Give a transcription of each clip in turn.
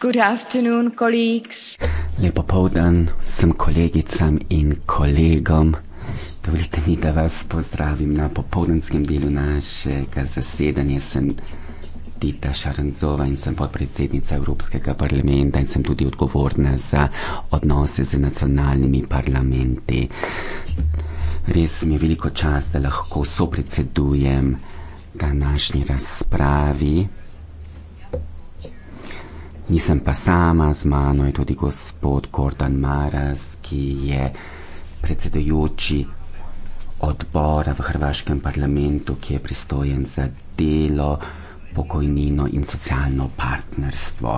Good afternoon, colleagues. Lepo povdan vsem kolegicam in kolegom. Dovolite mi, da vas pozdravim na popoldanskem delu našega zasedanja. Sem Tita Šaranzova in sem podpredsednica Evropskega parlamenta in sem tudi odgovorna za odnose z nacionalnimi parlamenti. Res mi je veliko čas, da lahko sopredsedujem današnji razpravi nisem pa sama, z mano je tudi gospod Gordon Maras, ki je predsedujoči odbora v Hrvaškem parlamentu, ki je pristojen za delo, pokojnino in socialno partnerstvo.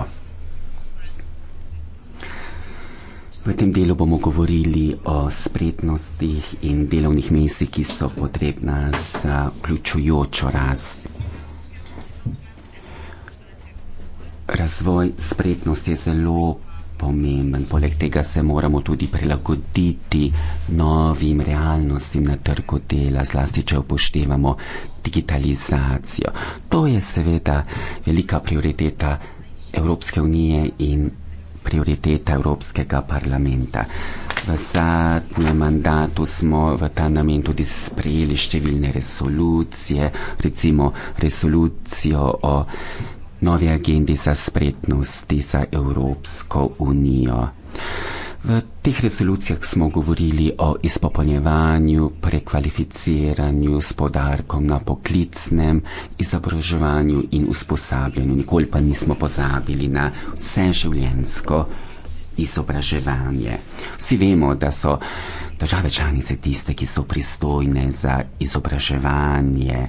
V tem delu bomo govorili o spretnostih in delovnih mestih, ki so potrebna za vključujočo rast razvoj spretnosti je zelo pomemben. Poleg tega se moramo tudi prilagoditi novim realnostim na trgu dela, zlasti če upoštevamo digitalizacijo. To je seveda velika prioriteta Evropske unije in prioriteta Evropskega parlamenta. V zadnjem mandatu smo v ta namen tudi sprejeli številne resolucije, recimo resolucijo o novi agendi za spretnosti za Evropsko unijo. V teh resolucijah smo govorili o izpopolnjevanju, prekvalificiranju s podarkom na poklicnem izobraževanju in usposabljanju. Nikoli pa nismo pozabili na vseživljensko izobraževanje. Vsi vemo, da so države članice tiste, ki so pristojne za izobraževanje.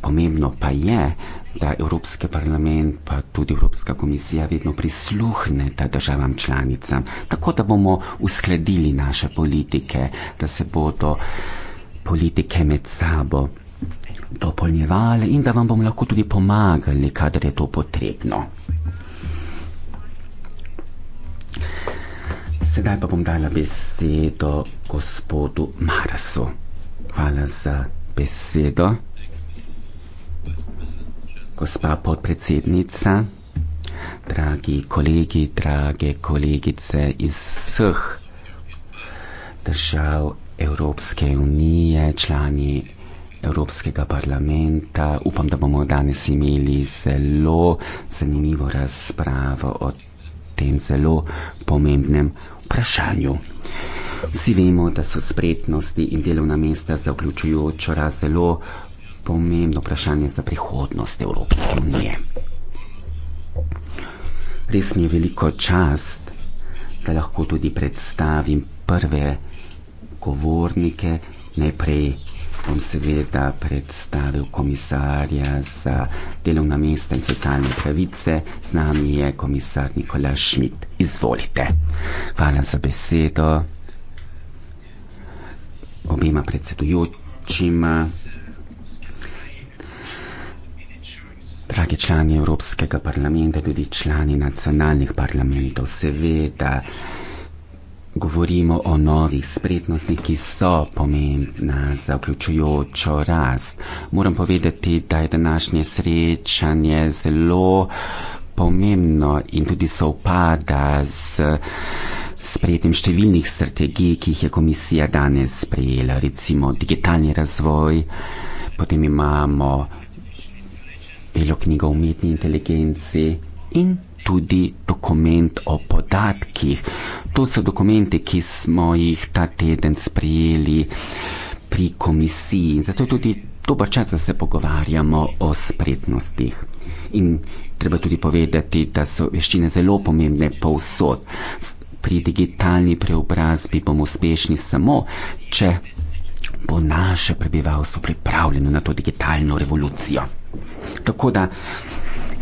Pomembno pa je, da Evropski parlament pa tudi Evropska komisija vedno prisluhne ta državam članicam, tako da bomo uskladili naše politike, da se bodo politike med sabo dopolnjevale in da vam bomo lahko tudi pomagali, kadar je to potrebno. Sedaj pa bom dala besedo gospodu Marasu. Hvala za besedo gospa podpredsednica, dragi kolegi, drage kolegice iz vseh držav Evropske unije, člani Evropskega parlamenta. Upam, da bomo danes imeli zelo zanimivo razpravo o tem zelo pomembnem vprašanju. Vsi vemo, da so spretnosti in delovna mesta za vključujočo raz zelo pomembne pomembno vprašanje za prihodnost Evropske unije. Res mi je veliko čast, da lahko tudi predstavim prve govornike. Najprej bom seveda predstavil komisarja za delovna mesta in socialne pravice, z nami je komisar Nikola Šmit. Izvolite. Hvala za besedo. Obima predsedujočima. Dragi člani Evropskega parlamenta, tudi člani nacionalnih parlamentov, seveda govorimo o novih spretnostih, ki so pomembna za vključujočo rast. Moram povedati, da je današnje srečanje zelo pomembno in tudi sovpada z sprejetjem številnih strategij, ki jih je komisija danes sprejela, recimo digitalni razvoj, potem imamo belo knjigo o umetni inteligenci in tudi dokument o podatkih. To so dokumenti, ki smo jih ta teden sprejeli pri komisiji in zato je tudi dober čas, da se pogovarjamo o spretnostih. In treba tudi povedati, da so veščine zelo pomembne povsod. Pri digitalni preobrazbi bomo uspešni samo, če bo naše prebivalstvo pripravljeno na to digitalno revolucijo. Tako da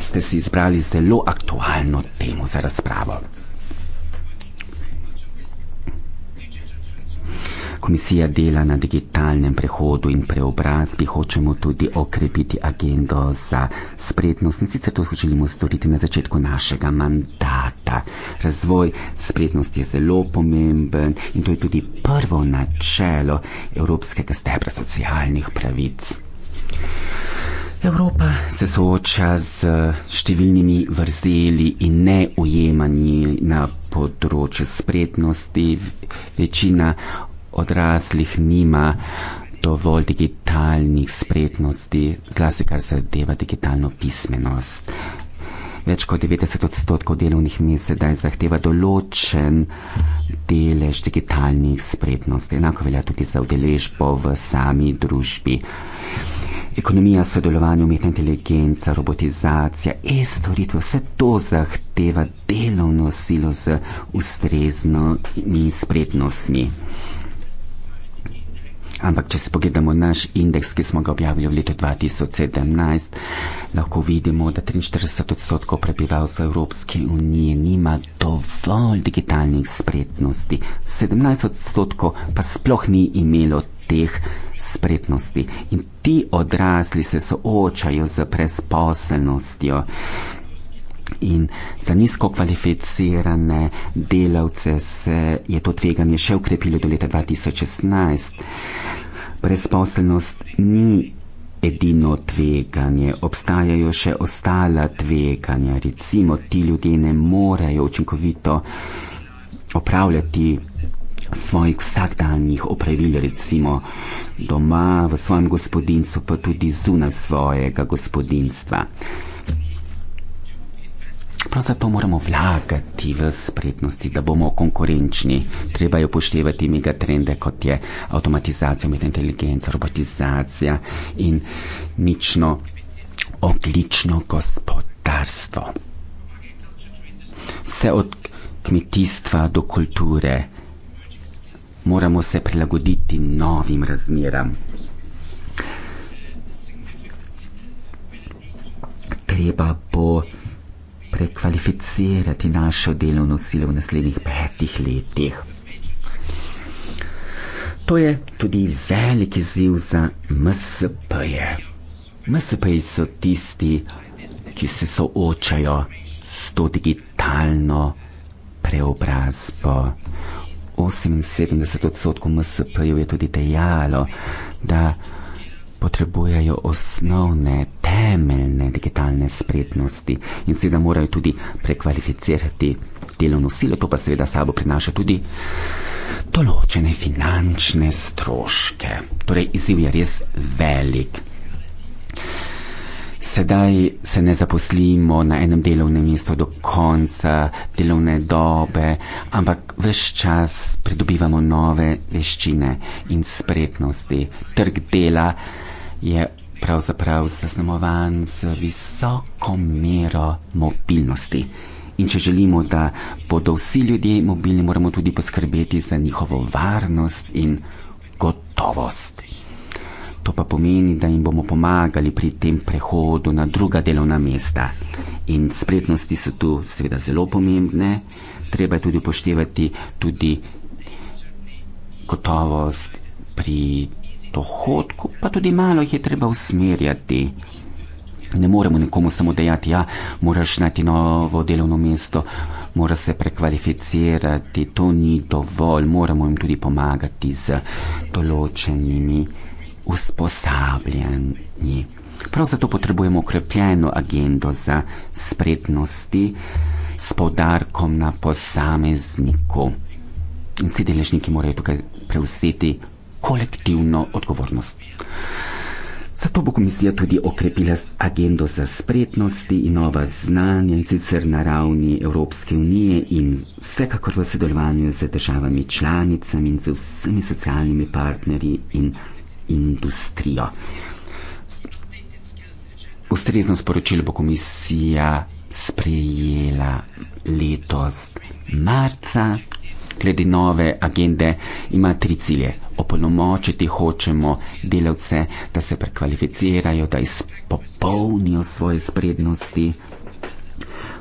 ste si izbrali zelo aktualno temo za razpravo. Komisija dela na digitalnem prehodu in preobrazbi, hočemo tudi okrepiti agendo za spretnost in sicer to želimo storiti na začetku našega mandata. Razvoj spretnosti je zelo pomemben in to je tudi prvo načelo Evropskega stebra socialnih pravic. Evropa se sooča z eh, številnimi vrzeli in neujemanji na področju spretnosti. Večina odraslih nima dovolj digitalnih spretnosti, zlasti kar se deva digitalno pismenost. Več kot 90 odstotkov delovnih mest sedaj zahteva določen delež digitalnih spretnosti. Enako velja tudi za udeležbo v sami družbi. Ekonomija, sodelovanje, umetna inteligenca, robotizacija, e-storitve, vse to zahteva delovno silo z ustreznimi spretnostmi. Ampak, če se pogledamo naš indeks, ki smo ga objavili v letu 2017, lahko vidimo, da 43 odstotkov prebivalstva Evropske unije nima dovolj digitalnih spretnosti, 17 odstotkov pa sploh ni imelo teh spretnosti. In ti odrasli se soočajo z brezposelnostjo. In za nizko kvalificirane delavce se je to tveganje še ukrepilo do leta 2016. Brezposelnost ni edino tveganje, obstajajo še ostala tveganja. Recimo, ti ljudje ne morejo učinkovito opravljati svojih vsakdanjih opravil, recimo doma, v svojem gospodinstvu, pa tudi zunaj svojega gospodinstva. Prav zato moramo vlagati v spretnosti, da bomo konkurenčni. Treba je upoštevati megatrende, kot je avtomatizacija, umetna inteligenca, robotizacija in nično oglično gospodarstvo. Vse od kmetijstva do kulture moramo se prilagoditi novim razmeram. Treba bo prekvalificirati našo delovno silo v naslednjih petih letih. To je tudi veliki ziv za MSP-je. MSP-ji so tisti, ki se soočajo s to digitalno preobrazbo. 78 odstotkov MSP-jev je tudi dejalo, da potrebujejo osnovne, temeljne digitalne spretnosti in seveda morajo tudi prekvalificirati delovno silo, to pa seveda sabo prinaša tudi določene finančne stroške. Torej, izziv je res velik sedaj se ne zaposlimo na enem delovnem mestu do konca delovne dobe, ampak vse čas pridobivamo nove veščine in spretnosti. Trg dela je pravzaprav zaznamovan z visoko mero mobilnosti. In če želimo, da bodo vsi ljudje mobilni, moramo tudi poskrbeti za njihovo varnost in gotovost. To pa pomeni, da jim bomo pomagali pri tem prehodu na druga delovna mesta. In spretnosti so tu seveda zelo pomembne, treba je tudi upoštevati tudi gotovost pri dohodku, pa tudi malo jih je treba usmerjati. Ne moremo nekomu samo dejati, da ja, moraš najti novo delovno mesto, moraš se prekvalificirati, to ni dovolj, moramo jim tudi pomagati z določenimi usposabljeni. Prav zato potrebujemo okrepljeno agendo za spretnosti s podarkom na posamezniku. In vsi deležniki morajo tukaj prevzeti kolektivno odgovornost. Zato bo komisija tudi okrepila agendo za spretnosti in nova znanja in sicer na ravni Evropske unije in vsekakor v sodelovanju z državami članicami in z vsemi socialnimi partnerji in industrijo. Ustrezno sporočilo bo komisija sprejela letos marca. Glede nove agende ima tri cilje. Opolnomočiti hočemo delavce, da se prekvalificirajo, da izpopolnijo svoje sprednosti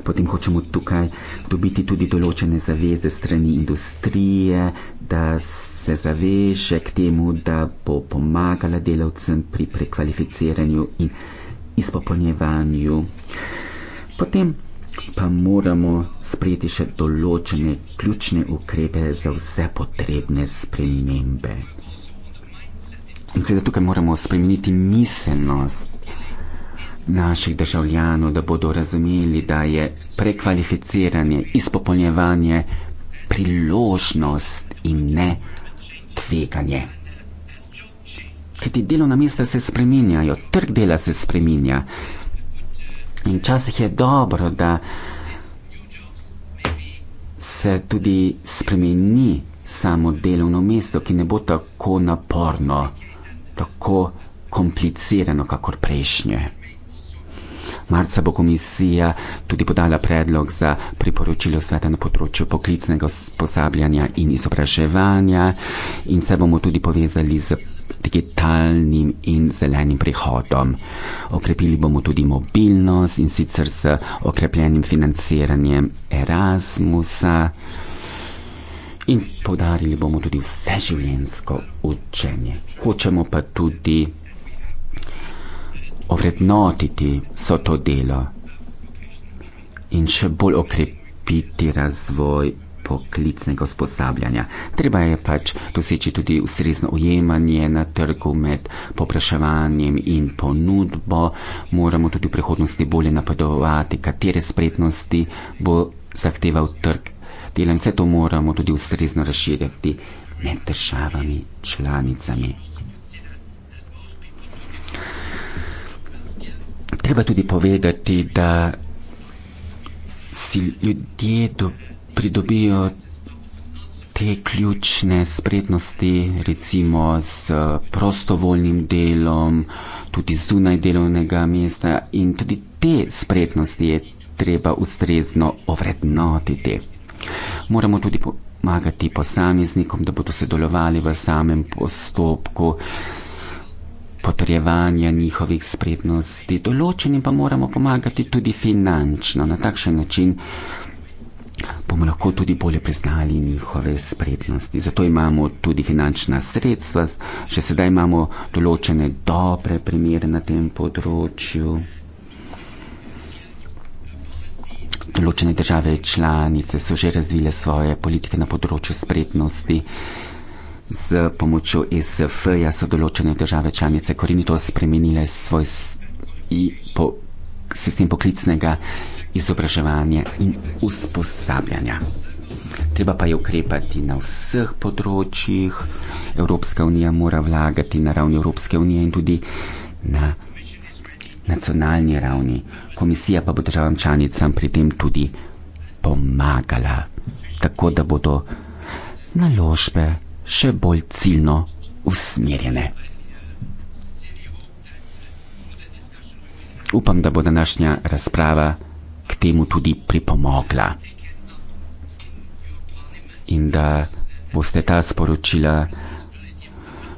potem hočemo tukaj dobiti tudi določene zaveze strani industrije, da se zaveže k temu, da bo pomagala delavcem pri prekvalificiranju in izpopolnjevanju. Potem pa moramo sprejeti še določene ključne ukrepe za vse potrebne spremembe. In seveda tukaj moramo spremeniti miselnost, naših državljanov, da bodo razumeli, da je prekvalificiranje, izpopolnjevanje priložnost in ne tveganje. Ker ti delovna mesta se spreminjajo, trg dela se spreminja. In včasih je dobro, da se tudi spremeni samo delovno mesto, ki ne bo tako naporno, tako komplicirano, kakor prejšnje. Marca bo komisija tudi podala predlog za priporočilo sveta na področju poklicnega usposabljanja in izobraževanja in se bomo tudi povezali z digitalnim in zelenim prihodom. Okrepili bomo tudi mobilnost in sicer z okrepljenim financiranjem Erasmusa. In podarili bomo tudi vseživljenjsko učenje. Hočemo pa tudi ovrednotiti vse to delo in še bolj okrepiti razvoj poklicnega usposabljanja. Treba je pač doseči tudi ustrezno ujemanje na trgu med popraševanjem in ponudbo. Moramo tudi v prihodnosti bolje napredovati, katere spretnosti bo zahteval trg. Delam vse to moramo tudi ustrezno razširjati med državami članicami. treba tudi povedati, da si ljudje do, pridobijo te ključne spretnosti, recimo s prostovoljnim delom, tudi zunaj delovnega mesta in tudi te spretnosti je treba ustrezno ovrednotiti. Moramo tudi pomagati posameznikom, da bodo sodelovali v samem postopku potrjevanja njihovih spretnosti, določenim pa moramo pomagati tudi finančno, na takšen način bomo lahko tudi bolje priznali njihove spretnosti. Zato imamo tudi finančna sredstva, še sedaj imamo določene dobre primere na tem področju. Določene države članice so že razvile svoje politike na področju spretnosti. E s pomočjo SF-ja so določene države članice korenito spremenile svoj po sistem poklicnega izobraževanja in usposabljanja. Treba pa je ukrepati na vseh področjih. Evropska unija mora vlagati na ravni Evropske unije in tudi na nacionalni ravni. Komisija pa bo državam članicam pri tem tudi pomagala, tako da bodo naložbe še bolj ciljno usmerjene. Upam, da bo današnja razprava k temu tudi pripomogla in da boste ta sporočila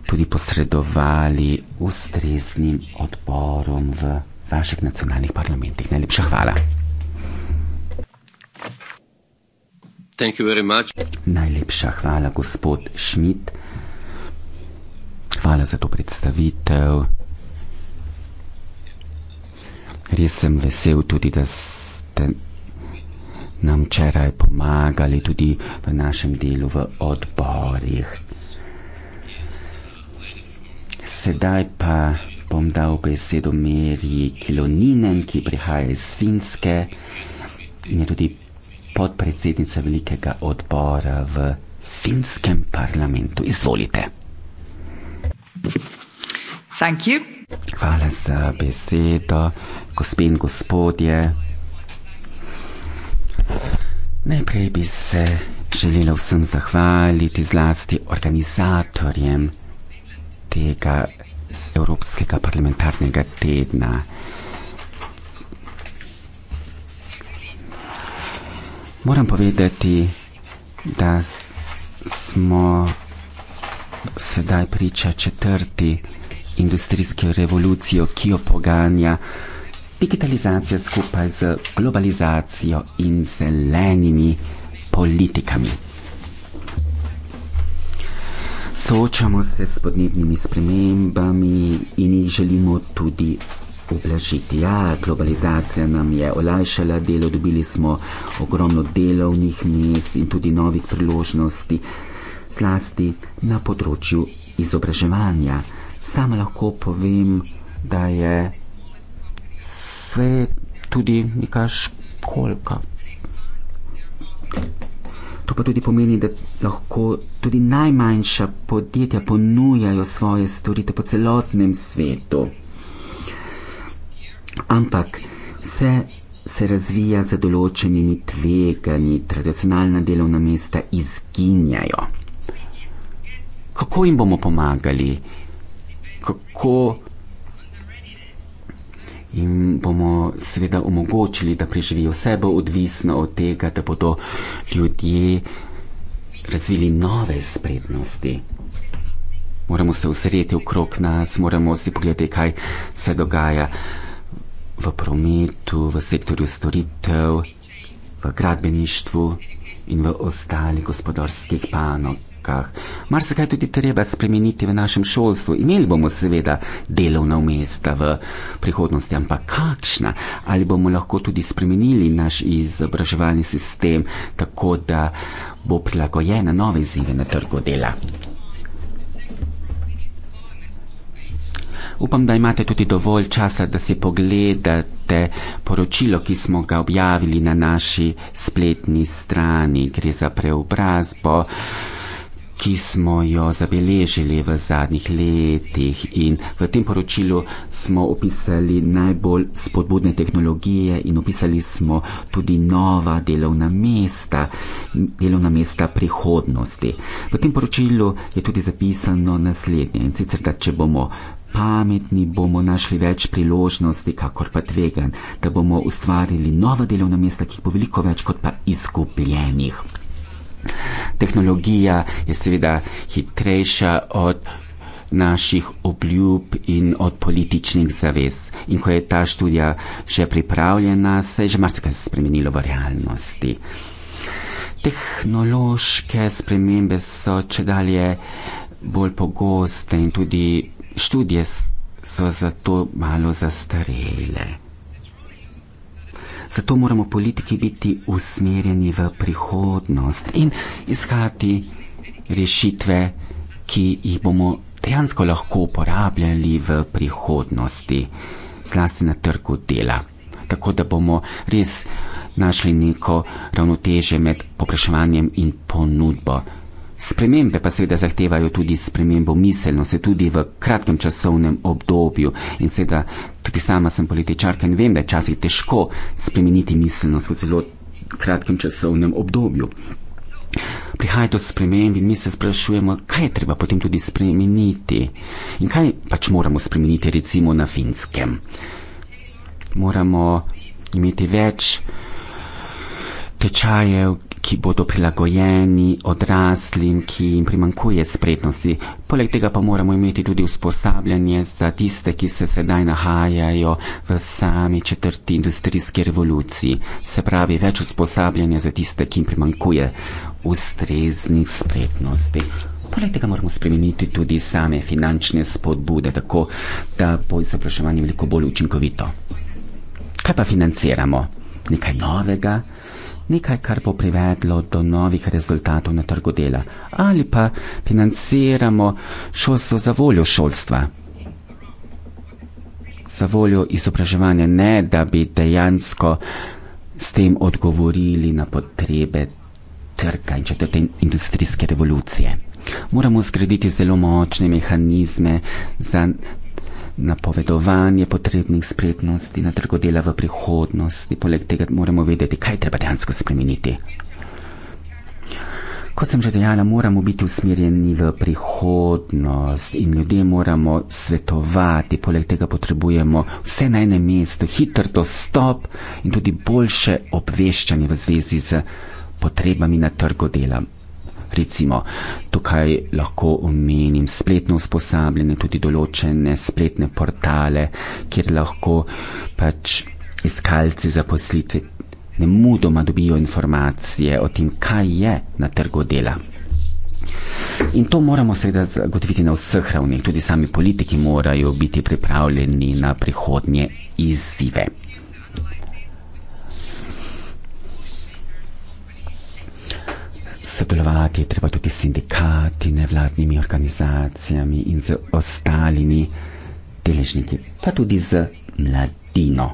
tudi posredovali ustreznim odborom v vaših nacionalnih parlamentih. Najlepša hvala. Najlepša hvala, gospod Schmidt. Hvala za to predstavitev. Res sem vesel tudi, da ste nam včeraj pomagali tudi v našem delu v odborih. Sedaj pa bom dal besedo Meri Kiloninen, ki prihaja iz Finske in je tudi podpredsednica velikega odbora v finskem parlamentu. Izvolite. Thank you. Hvala za besedo, gospe in gospodje. Najprej bi se želela vsem zahvaliti, zlasti organizatorjem tega Evropskega parlamentarnega tedna. Moram povedati, da smo sedaj priča četrti industrijski revoluciji, ki jo poganja digitalizacija skupaj z globalizacijo in zelenimi politikami. Soočamo se s podnebnimi spremembami in jih želimo tudi ublažiti. Ja, globalizacija nam je olajšala delo, dobili smo ogromno delovnih mest in tudi novih priložnosti, zlasti na področju izobraževanja. Sam lahko povem, da je svet tudi neka školka. To pa tudi pomeni, da lahko tudi najmanjša podjetja ponujajo svoje storitve po celotnem svetu ampak vse se razvija za določenimi tveganji, tradicionalna delovna mesta izginjajo. Kako jim bomo pomagali? Kako jim bomo seveda omogočili, da preživijo vse, bo odvisno od tega, da bodo ljudje razvili nove spretnosti. Moramo se ozreti okrog nas, moramo si pogledati, kaj se dogaja v prometu, v sektorju storitev, v gradbeništvu in v ostalih gospodarskih panogah. Mar se kaj tudi treba spremeniti v našem šolstvu? Imeli bomo seveda delovna mesta v prihodnosti, ampak kakšna? Ali bomo lahko tudi spremenili naš izobraževalni sistem tako, da bo prilagojen na nove izzive na trgu dela? Upam, da imate tudi dovolj časa, da si pogledate poročilo, ki smo ga objavili na naši spletni strani. Gre za preobrazbo, ki smo jo zabeležili v zadnjih letih. In v tem poročilu smo opisali najbolj spodbudne tehnologije in opisali smo tudi nova delovna mesta, delovna mesta prihodnosti. V tem poročilu je tudi zapisano naslednje in sicer, da če bomo pametni, bomo našli več priložnosti, kakor pa tvegan, da bomo ustvarili nova delovna mesta, ki jih bo veliko več kot pa izgubljenih. Tehnologija je seveda hitrejša od naših obljub in od političnih zavez. In ko je ta študija že pripravljena, se je že marsikaj spremenilo v realnosti. Tehnološke spremembe so če dalje bolj pogoste in tudi študije so zato malo zastarele. Zato moramo politiki biti usmerjeni v prihodnost in iskati rešitve, ki jih bomo dejansko lahko uporabljali v prihodnosti, zlasti na trgu dela. Tako da bomo res našli neko ravnoteže med popraševanjem in ponudbo. Spremembe pa seveda zahtevajo tudi spremembo miselnosti, tudi v kratkem časovnem obdobju. In seveda tudi sama sem političarka in vem, da je časih težko spremeniti miselnost v zelo kratkem časovnem obdobju. Prihaja do sprememb in mi se sprašujemo, kaj je treba potem tudi spremeniti in kaj pač moramo spremeniti recimo na finskem. Moramo imeti več tečajev ki bodo prilagojeni odraslim, ki jim primankuje spretnosti. Poleg tega pa moramo imeti tudi usposabljanje za tiste, ki se sedaj nahajajo v sami četrti industrijski revoluciji. Se pravi, več usposabljanja za tiste, ki jim primankuje ustreznih spretnosti. Poleg tega moramo spremeniti tudi same finančne spodbude, tako da bo izobraževanje veliko bolj učinkovito. Kaj pa financiramo? Nekaj novega? nekaj, kar bo privedlo do novih rezultatov na trgu dela, ali pa financiramo šolstvo za voljo šolstva, za voljo izobraževanja, ne da bi dejansko s tem odgovorili na potrebe trga in četrte industrijske revolucije. Moramo zgraditi zelo močne mehanizme za napovedovanje potrebnih spretnosti na trgu dela v prihodnosti. Poleg tega moramo vedeti, kaj treba dejansko spremeniti. Kot sem že dejala, moramo biti usmerjeni v prihodnost in ljudje moramo svetovati. Poleg tega potrebujemo vse na enem mestu, hiter dostop in tudi boljše obveščanje v zvezi z potrebami na trgu dela. Recimo, tukaj lahko omenim spletno usposabljanje, tudi določene spletne portale, kjer lahko pač iskalci zaposlitve ne mudoma dobijo informacije o tem, kaj je na trgu dela. In to moramo seveda zagotoviti na vseh ravneh, tudi sami politiki morajo biti pripravljeni na prihodnje izzive. sodelovati je treba tudi s sindikati, nevladnimi organizacijami in z ostalimi deležniki, pa tudi z mladino.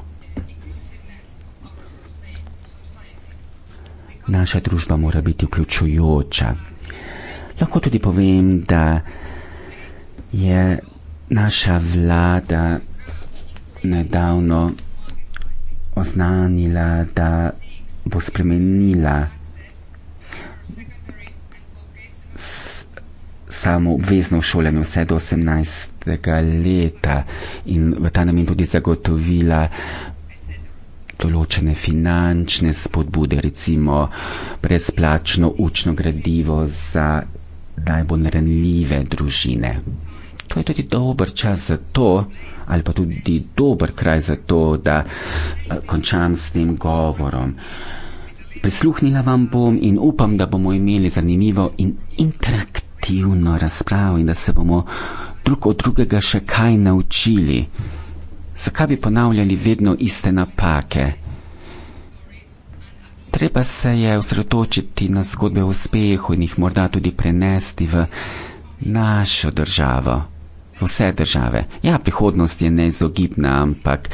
Naša družba mora biti vključujoča. Lahko tudi povem, da je naša vlada nedavno oznanila, da bo spremenila samo obvezno šolanje vse do 18. leta in v ta namen tudi zagotovila določene finančne spodbude, recimo brezplačno učno gradivo za najbolj ranljive družine. To je tudi dober čas za to, ali pa tudi dober kraj za to, da eh, končam s tem govorom. Prisluhnila vam bom in upam, da bomo imeli zanimivo in interaktivno konstruktivno razpravo in da se bomo drug od drugega še kaj naučili. Zakaj bi ponavljali vedno iste napake? Treba se je osredotočiti na zgodbe o uspehu in jih morda tudi prenesti v našo državo, vse države. Ja, prihodnost je neizogibna, ampak.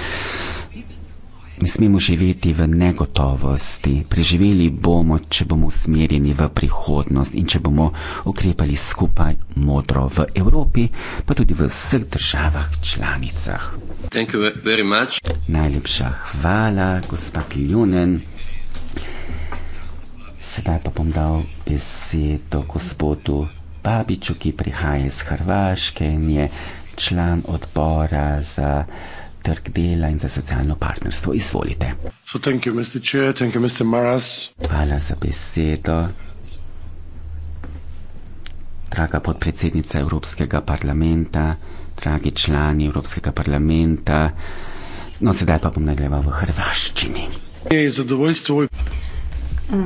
Ne smemo živeti v negotovosti. Preživeli bomo, če bomo usmerjeni v prihodnost in če bomo ukrepali skupaj modro v Evropi, pa tudi v vseh državah članicah. Najlepša hvala, gospod Ljunen. Sedaj pa bom dal besedo gospodu Babiču, ki prihaja iz Hrvaške in je član odbora za trg dela in za socialno partnerstvo. Izvolite. So, you, Chair, you, Hvala za besedo. Draga podpredsednica Evropskega parlamenta, dragi člani Evropskega parlamenta, no sedaj pa bom nadaljeval v hrvaščini. Eh,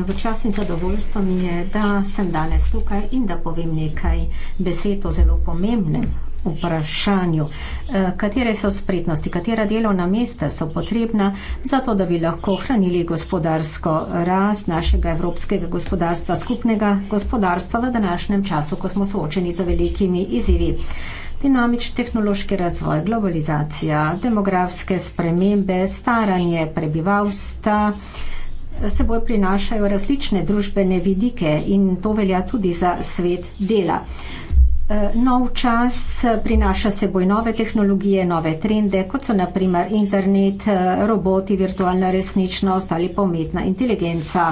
v čas in zadovoljstvo mi je, da sem danes tukaj in da povem nekaj besed o zelo pomembnem vprašanju. Eh, katere so spretnosti, katera delovna mesta so potrebna za to, da bi lahko hranili gospodarsko rast našega evropskega gospodarstva, skupnega gospodarstva v današnjem času, ko smo soočeni z velikimi izzivi. Dinamični tehnološki razvoj, globalizacija, demografske spremembe, staranje prebivalstva eh, seboj prinašajo različne družbene vidike in to velja tudi za svet dela. Eh, nov čas, eh, prinaša seboj nove tehnologije, nove trende, kot so naprimer internet, eh, roboti, virtualna resničnost ali pometna inteligenca.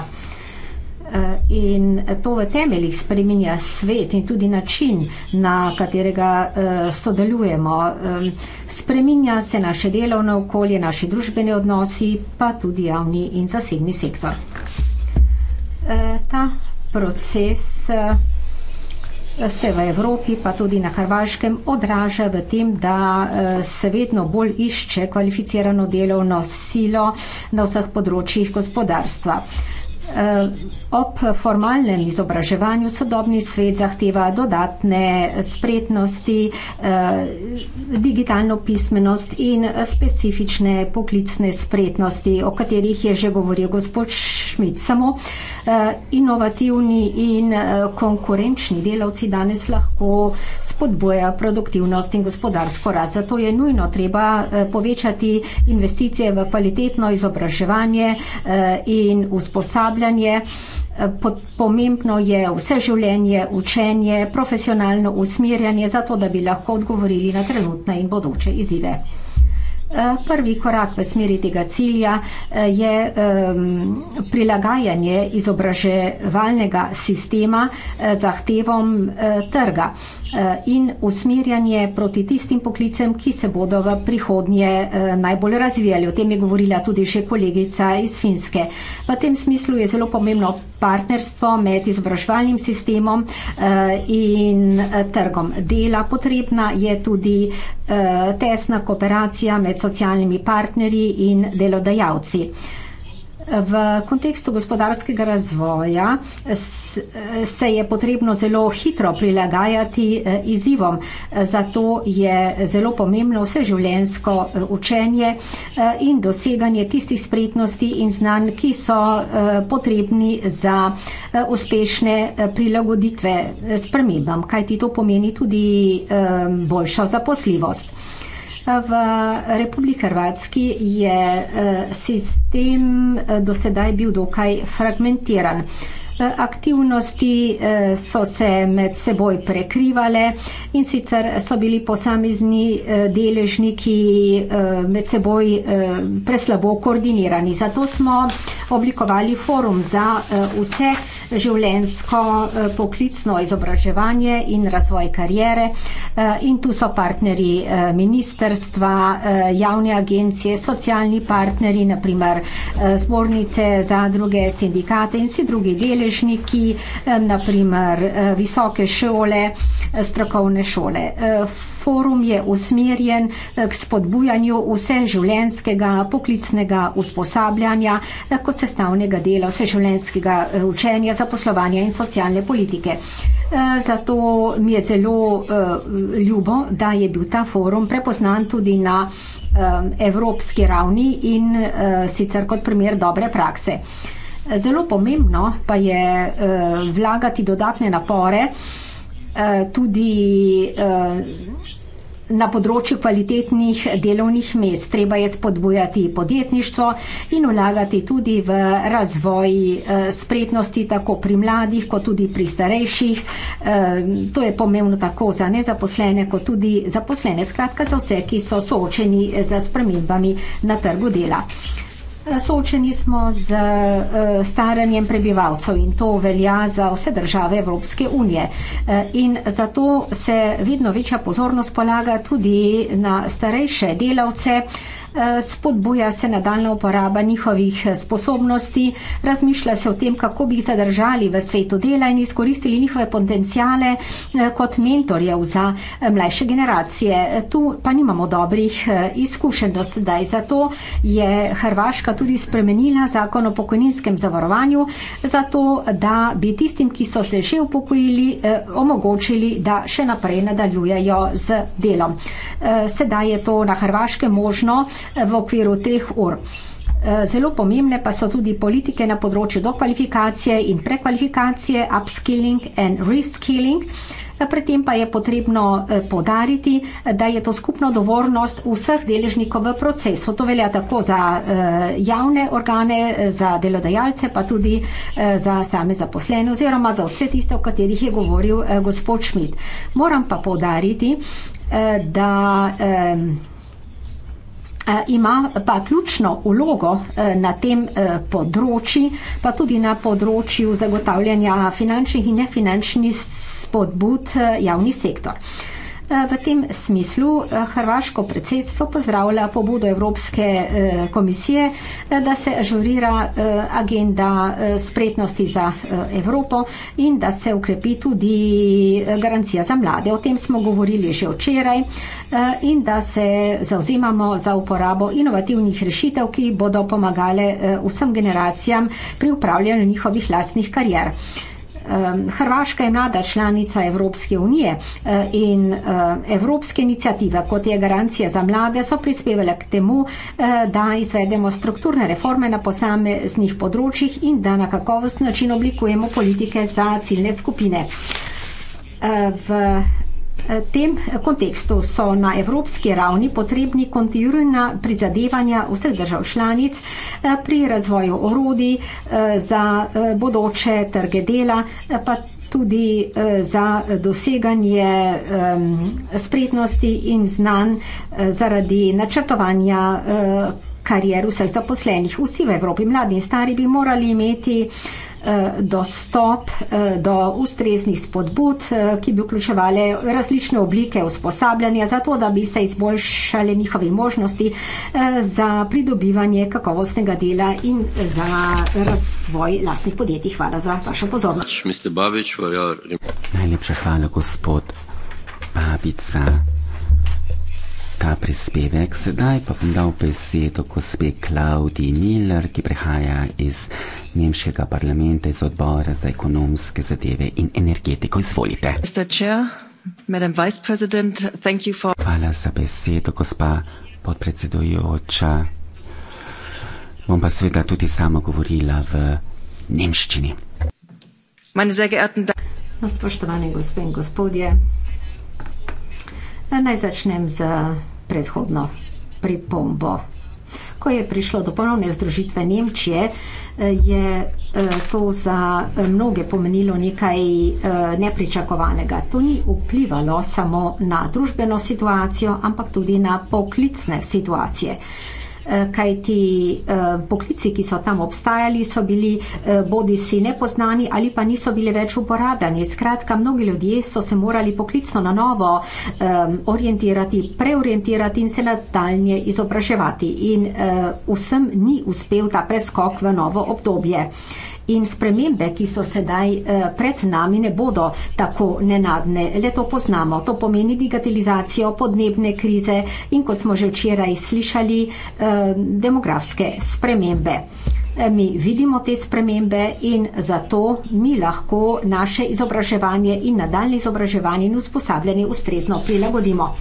In to v temeljih spreminja svet in tudi način, na katerega sodelujemo. Spreminja se naše delovno okolje, naši družbeni odnosi, pa tudi javni in zasebni sektor. Ta proces se v Evropi, pa tudi na Hrvaškem, odraža v tem, da eh, se vedno bolj išče kvalificirano delovno silo na vseh področjih gospodarstva. Ob formalnem izobraževanju sodobni svet zahteva dodatne spretnosti, eh, digitalno pismenost in specifične poklicne spretnosti, o katerih je že govoril gospod Šmit. Samo eh, inovativni in eh, konkurenčni delavci danes lahko spodboja produktivnost in gospodarsko rast. Zato je nujno treba povečati investicije v kvalitetno izobraževanje in usposabljanje usposabljanje, eh, pomembno je vse življenje, učenje, profesionalno usmirjanje, zato da bi lahko odgovorili na trenutne in bodoče izzive. Eh, prvi korak v smeri tega cilja eh, je ehm, prilagajanje izobraževalnega sistema zahtevom trga. Eh, in usmerjanje proti tistim poklicem, ki se bodo v prihodnje eh, najbolj razvijali. O tem je govorila tudi že kolegica iz Finske. V tem smislu je zelo pomembno partnerstvo med izobraževalnim sistemom eh, in trgom dela. Potrebna je tudi tesna kooperacija med socialnimi partnerji in delodajalci. V kontekstu gospodarskega razvoja se je potrebno zelo hitro prilagajati eh, izzivom. Zato je zelo pomembno vseživljensko eh, učenje eh, in doseganje tistih spretnosti in znanj, ki so potrebni za uspešne prilagoditve spremembam, kajti to pomeni tudi boljšo zaposljivost. V Republiki Hrvatski je eh, sistem eh, dosedaj bil dokaj fragmentiran. Eh, aktivnosti eh, so se med seboj prekrivale in sicer so bili posamezni eh, deležniki med seboj preslabo koordinirani. Zato smo oblikovali forum za vse življensko poklicno izobraževanje in razvoj karijere. In tu so partnerji ministerstva, javne agencije, socialni partnerji, naprimer zbornice, zadruge, sindikate in vsi drugi deležniki deležniki, eh, naprimer eh, visoke šole, eh, strokovne šole. Forum je usmerjen k spodbujanju vseživljenskega poklicnega usposabljanja kot sestavnega dela vseživljenskega učenja, zaposlovanja in socialne politike. Zato mi je zelo ljubo, da je bil ta forum prepoznan tudi na evropski ravni in sicer kot primer dobre prakse. Zelo pomembno pa je eh, vlagati dodatne napore eh, tudi eh, na področju kvalitetnih delovnih mest. Treba je spodbujati podjetništvo in vlagati tudi v razvoj spretnosti tako pri mladih kot tudi pri starejših. To je pomembno tako za nezaposlene kot tudi zaposlene, skratka za vse, ki so soočeni z spremembami na trgu dela. Soočeni smo z eh, staranjem prebivalcev in to velja za vse države Evropske unije. Eh, in zato se vedno večja pozornost polaga tudi na starejše delavce, Eh, spodbuja se nadaljna uporaba njihovih eh, sposobnosti, razmišlja se o tem, kako bi jih zadržali v svetu dela in izkoristili njihove potencijale eh, kot mentorjev za mlajše generacije. Tu pa nimamo dobrih izkušenj do sedaj. Zato je Hrvaška tudi spremenila zakon o pokojninskem zavarovanju, zato da bi tistim, ki so se že upokojili, omogočili, da še naprej nadaljujejo z delom. Sedaj je to na Hrvaške možno v okviru treh ur. Eh, zelo pomembne pa so tudi politike na področju dokvalifikacije in prekvalifikacije, upskilling in reskilling. Eh, pri tem pa je potrebno eh, podariti, da je to skupno dovornost vseh deležnikov v procesu. To velja tako za javne organe, za delodajalce, pa tudi za same zaposlene oziroma za vse tiste, o katerih je govoril gospod Šmit. Moram pa podariti, da Eh, ima pa ključno vlogo eh, na tem eh, področju, pa tudi na področju zagotavljanja finančnih in nefinančnih spodbud javni sektor. Eh, v tem smislu eh, Hrvaško predsedstvo pozdravlja pobudo Evropske eh, komisije, da se žurira agenda spretnosti za Evropo in da se ukrepi tudi garancija za mlade. O tem smo govorili že včeraj in da se zauzimamo za uporabo inovativnih rešitev, ki bodo pomagale vsem generacijam pri upravljanju njihovih lastnih karjer. Ehm, Hrvaška je mlada članica Evropske unije eh, in eh, evropske inicijative, kot je garancija za mlade, so prispevale k temu, eh, da izvedemo strukturne reforme na posameznih področjih in da na kakovost način oblikujemo politike za ciljne skupine. V V eh, tem eh, kontekstu so na evropski ravni potrebni kontinuirana prizadevanja vseh držav članic eh, pri razvoju orodi za bodoče trge dela, pa tudi za doseganje spretnosti in znanj zaradi načrtovanja karjer vseh zaposlenih. Vsi v Evropi, mladi in stari, bi morali imeti Eh, dostop eh, do ustreznih spodbud, eh, ki bi vključevale različne oblike usposabljanja, zato da bi se izboljšale njihove možnosti za pridobivanje kakovostnega dela in za razvoj lastnih podjetij. Hvala za vašo pozornost. Najlepša hvala, gospod Babica ta prispevek. Sedaj pa bom dal besedo gospe Klaudi Miller, ki prihaja iz Nemškega parlamenta, iz odbora za ekonomske zadeve in energetiko. Izvolite. Hvala za besedo, gospa podpredsedujoča. Bom pa seveda tudi sama govorila v nemščini. No, spoštovane gospe in gospodje. Naj začnem z predhodno pripombo. Ko je prišlo do ponovne združitve Nemčije, je e, to za mnoge pomenilo nekaj e, nepričakovanega. To ni vplivalo samo na družbeno situacijo, ampak tudi na poklicne situacije. Eh, kaj ti eh, poklici, ki so tam obstajali, so bili eh, bodi si nepoznani ali pa niso bile več uporabljani. Skratka, mnogi ljudje so se morali poklicno na novo ehm, orientirati, preorientirati in se nadaljnje izobraževati. In vsem ni uspel ta preskok v novo obdobje in spremembe, ki so sedaj eh, pred nami, ne bodo tako nenadne. Le to poznamo. To pomeni digitalizacijo podnebne krize in, kot smo že včeraj slišali, eh, demografske spremembe. Eh, mi vidimo te spremembe in zato mi lahko naše izobraževanje in nadaljne izobraževanje in usposabljanje ustrezno prilagodimo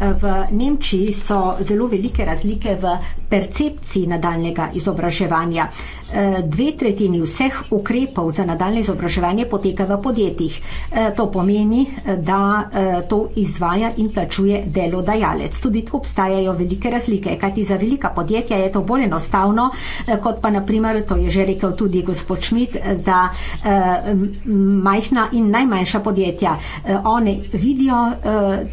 v Nemčiji so zelo velike razlike v percepciji nadaljnega izobraževanja. E, dve tretjini vseh ukrepov za nadaljne izobraževanje poteka v podjetjih. E, to pomeni, da e, to izvaja in plačuje delodajalec. Tudi tu obstajajo velike razlike, kajti za velika podjetja je to bolj enostavno, kot pa naprimer, to je že rekel tudi gospod Šmit, za majhna in najmanjša podjetja. One vidijo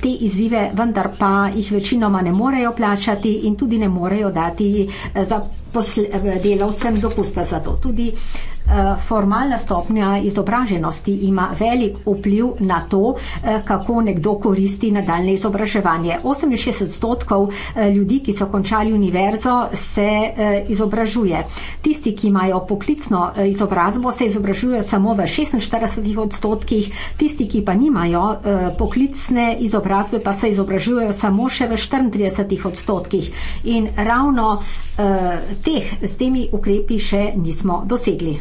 te izzive, vendar pa jih večinoma ne morejo plačati in tudi ne morejo dati eh, eh, delavcem dopusta za to. Tudi uh, Eh, formalna stopnja izobraženosti ima velik vpliv na to, eh, kako nekdo koristi nadaljne izobraževanje. 68 odstotkov eh, ljudi, ki so končali univerzo, se izobražuje. Tisti, ki imajo poklicno izobrazbo, se izobražujejo samo v 46 odstotkih, tisti, ki pa nimajo poklicne izobrazbe, pa se izobražujejo samo še v 34 odstotkih. In ravno teh s temi ukrepi še nismo dosegli.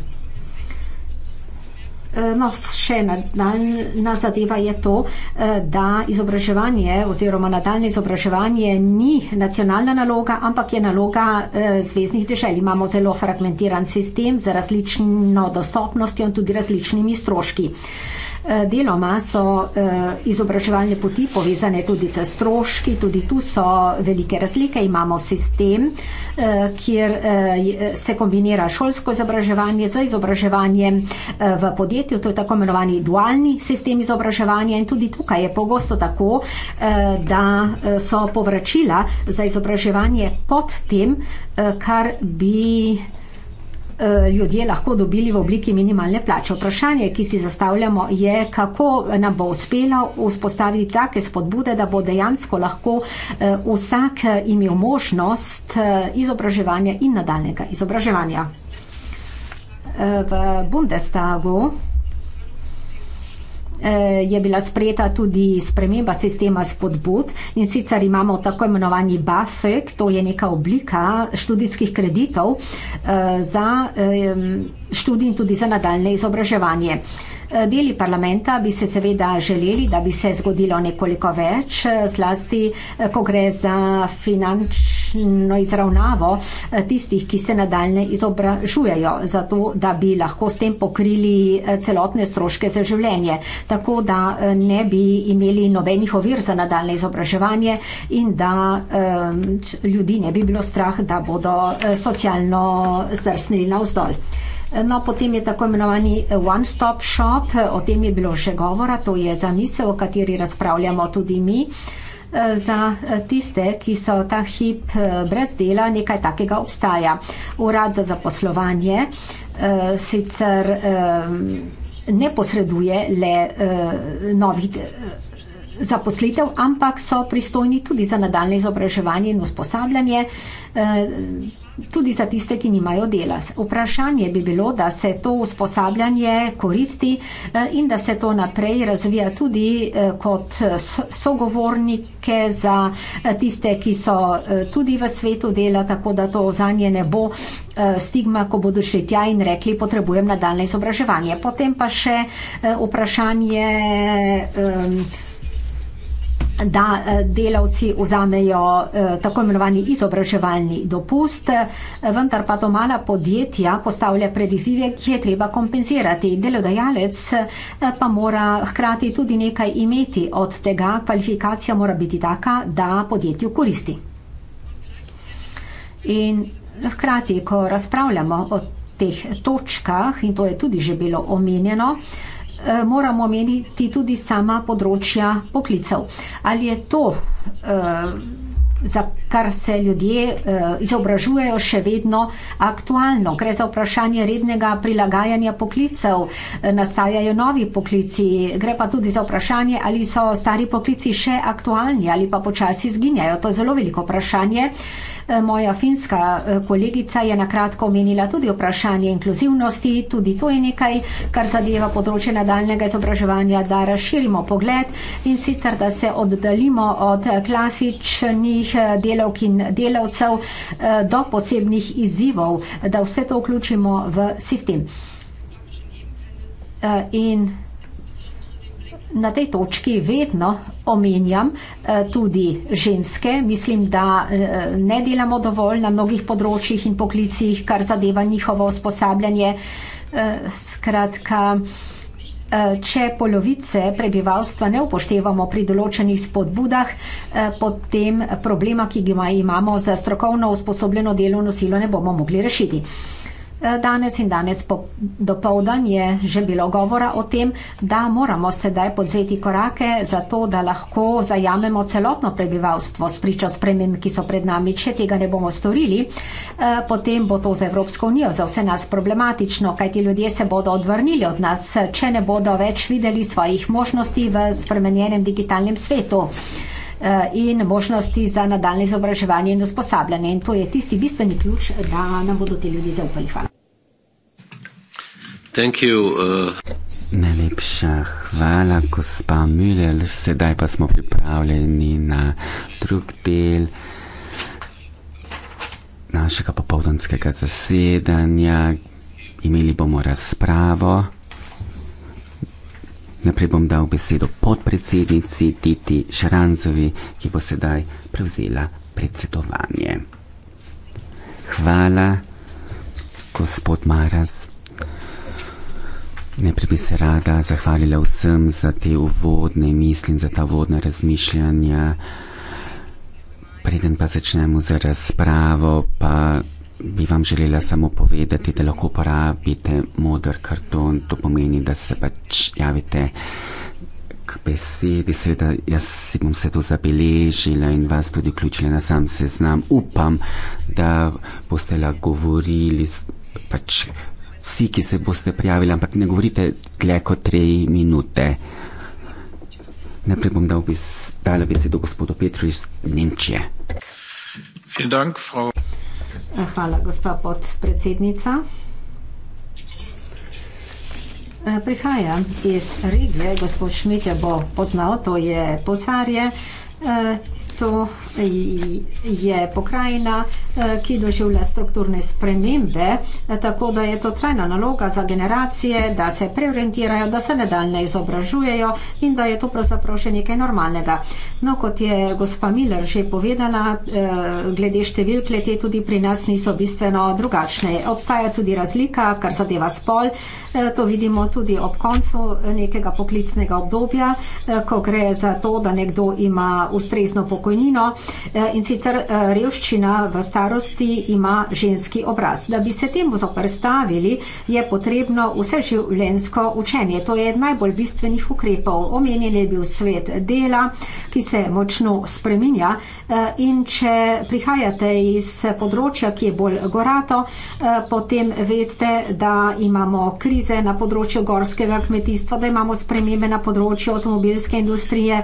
Eh, no, še nadaljna zadeva je to, eh, da izobraževanje oziroma nadaljne izobraževanje ni nacionalna naloga, ampak je naloga eh, zvezdnih dežel. Imamo zelo fragmentiran sistem z različno dostopnostjo in tudi različnimi stroški. Eh, deloma so eh, izobraževalne poti povezane tudi z stroški, tudi tu so velike razlike. Imamo sistem, eh, kjer se kombinira šolsko izobraževanje z izobraževanjem v podjetju, to je tako imenovani dualni sistem izobraževanja in tudi tukaj je pogosto tako, da so povračila za izobraževanje pod tem, kar bi Eh, ljudje lahko dobili v obliki minimalne plače. Vprašanje, ki si zastavljamo, je, kako nam bo uspelo vzpostaviti take spodbude, da bo dejansko lahko eh, vsak eh, imel možnost izobraževanja in nadaljnega izobraževanja. V Bundestagu Eh, je bila sprejeta tudi sprememba sistema spodbud in sicer imamo tako imenovani BAFEK, to je neka oblika študijskih kreditov eh, za študij in tudi za nadaljne izobraževanje. Eh, deli parlamenta bi se seveda želeli, da bi se zgodilo nekoliko več, zlasti ko gre za finančne finančno izravnavo eh, tistih, ki se nadaljne izobražujejo, zato da bi lahko s tem pokrili eh, celotne stroške za življenje, tako da eh, ne bi imeli nobenih ovir za nadaljne izobraževanje in da ljudi ne bi bilo strah, da bodo socialno zdrsnili navzdol. No, potem je tako imenovani one-stop shop, o tem je bilo že govora, to je zamisel, o kateri razpravljamo tudi mi. Uh, za eh, tiste, ki so ta hip eh, brez dela, nekaj takega obstaja. Urad za zaposlovanje eh, sicer ne posreduje le novih zaposlitev, ampak so pristojni tudi za nadaljne izobraževanje in usposabljanje tudi za tiste, ki nimajo dela. Vprašanje bi bilo, da se to usposabljanje koristi eh, in da se to naprej razvija tudi eh, kot eh, sogovornike za tiste, ki so tudi v svetu dela, tako da to za nje ne bo stigma, ko bodo šli tja in rekli, potrebujem nadaljne izobraževanje. Potem pa še vprašanje da eh, delavci vzamejo eh, tako imenovani izobraževalni dopust, eh, vendar pa to mala podjetja postavlja pred izzive, ki je treba kompenzirati. Delodajalec pa mora hkrati tudi nekaj imeti od tega, kvalifikacija mora biti taka, da podjetju koristi. In hkrati, ko razpravljamo o teh točkah, in to je tudi že bilo omenjeno, Eh, moramo omeniti tudi sama področja poklicev. Ali je to, eh, za kar se ljudje eh, izobražujejo, še vedno aktualno? Gre za vprašanje rednega prilagajanja poklicev, nastajajo novi poklici, gre pa tudi za vprašanje, ali so stari poklici še aktualni ali pa počasi izginjajo. To je zelo veliko vprašanje. Eh, moja finska eh, kolegica je nakratko omenila tudi vprašanje inkluzivnosti, tudi to je nekaj, kar zadeva področje nadaljnega izobraževanja, da razširimo pogled in sicer, da se oddalimo od eh, klasičnih delovk in delavcev do posebnih izzivov, da vse to vključimo v sistem. In na tej točki vedno omenjam eh, tudi ženske. Mislim, da eh, ne delamo dovolj na mnogih področjih in poklicih, kar zadeva njihovo usposabljanje. Eh, skratka, če polovice prebivalstva ne upoštevamo pri določenih spodbudah, potem problema, ki ga imamo za strokovno usposobljeno delovno silo, ne bomo mogli rešiti. Eh, danes in danes po, dopovdan je že bilo govora o tem, da moramo sedaj podzeti korake za to, da lahko zajamemo celotno prebivalstvo s pričo spremem, ki so pred nami. Če tega ne bomo storili, eh, potem bo to za Evropsko unijo, za vse nas problematično, kajti ljudje se bodo odvrnili od nas, če ne bodo več videli svojih možnosti v spremenjenem digitalnem svetu. Eh, in možnosti za nadaljne izobraževanje in usposabljanje. In to je tisti bistveni ključ, da nam bodo ti ljudje zaupali. Hvala. Uh, Najlepša hvala, gospa Müller. Sedaj pa smo pripravljeni na drug del našega popoldanskega zasedanja. Imeli bomo razpravo. Najprej bom dal besedo podpredsednici Titi Šaranzovi, ki bo sedaj prevzela predsedovanje. Hvala, gospod Maras. Najprej bi se rada zahvalila vsem za te uvodne misli in za ta uvodna razmišljanja. Preden pa začnemo z razpravo, pa bi vam želela samo povedati, da lahko uporabite modr karton. To pomeni, da se pač javite k besedi. Seveda, jaz si bom se to zabeležila in vas tudi vključila na sam seznam. Upam, da boste lahko govorili. Pač vsi, ki se boste prijavili, ampak ne govorite dlje kot tri minute. Najprej bom dal besedo gospodu Petru iz Nemčije. Vielen Dank, Frau. Eh, hvala, gospa podpredsednica. Eh, prihaja iz Rige, gospod Šmite bo poznal, to je Posarje. Eh, mesto eh, je pokrajina, eh, ki doživlja strukturne spremembe, eh, tako da je to trajna naloga za generacije, da se preorientirajo, da se nadaljne izobražujejo in da je to pravzaprav še nekaj normalnega. No, kot je gospa Miller že povedala, glede številk leti tudi pri nas niso bistveno drugačne. Obstaja tudi razlika, kar zadeva spol. To vidimo tudi ob koncu nekega poklicnega obdobja, ko gre za to, da nekdo ima ustrezno pokoj pokojnino eh, in sicer eh, revščina v starosti ima ženski obraz. Da bi se temu zoprstavili, je potrebno vse življensko učenje. To je najbolj bistvenih ukrepov. Omenjen je bil svet dela, ki se močno spreminja eh, in če prihajate iz področja, ki je bolj gorato, potem veste, da imamo krize na področju gorskega kmetijstva, da imamo spremembe na področju avtomobilske industrije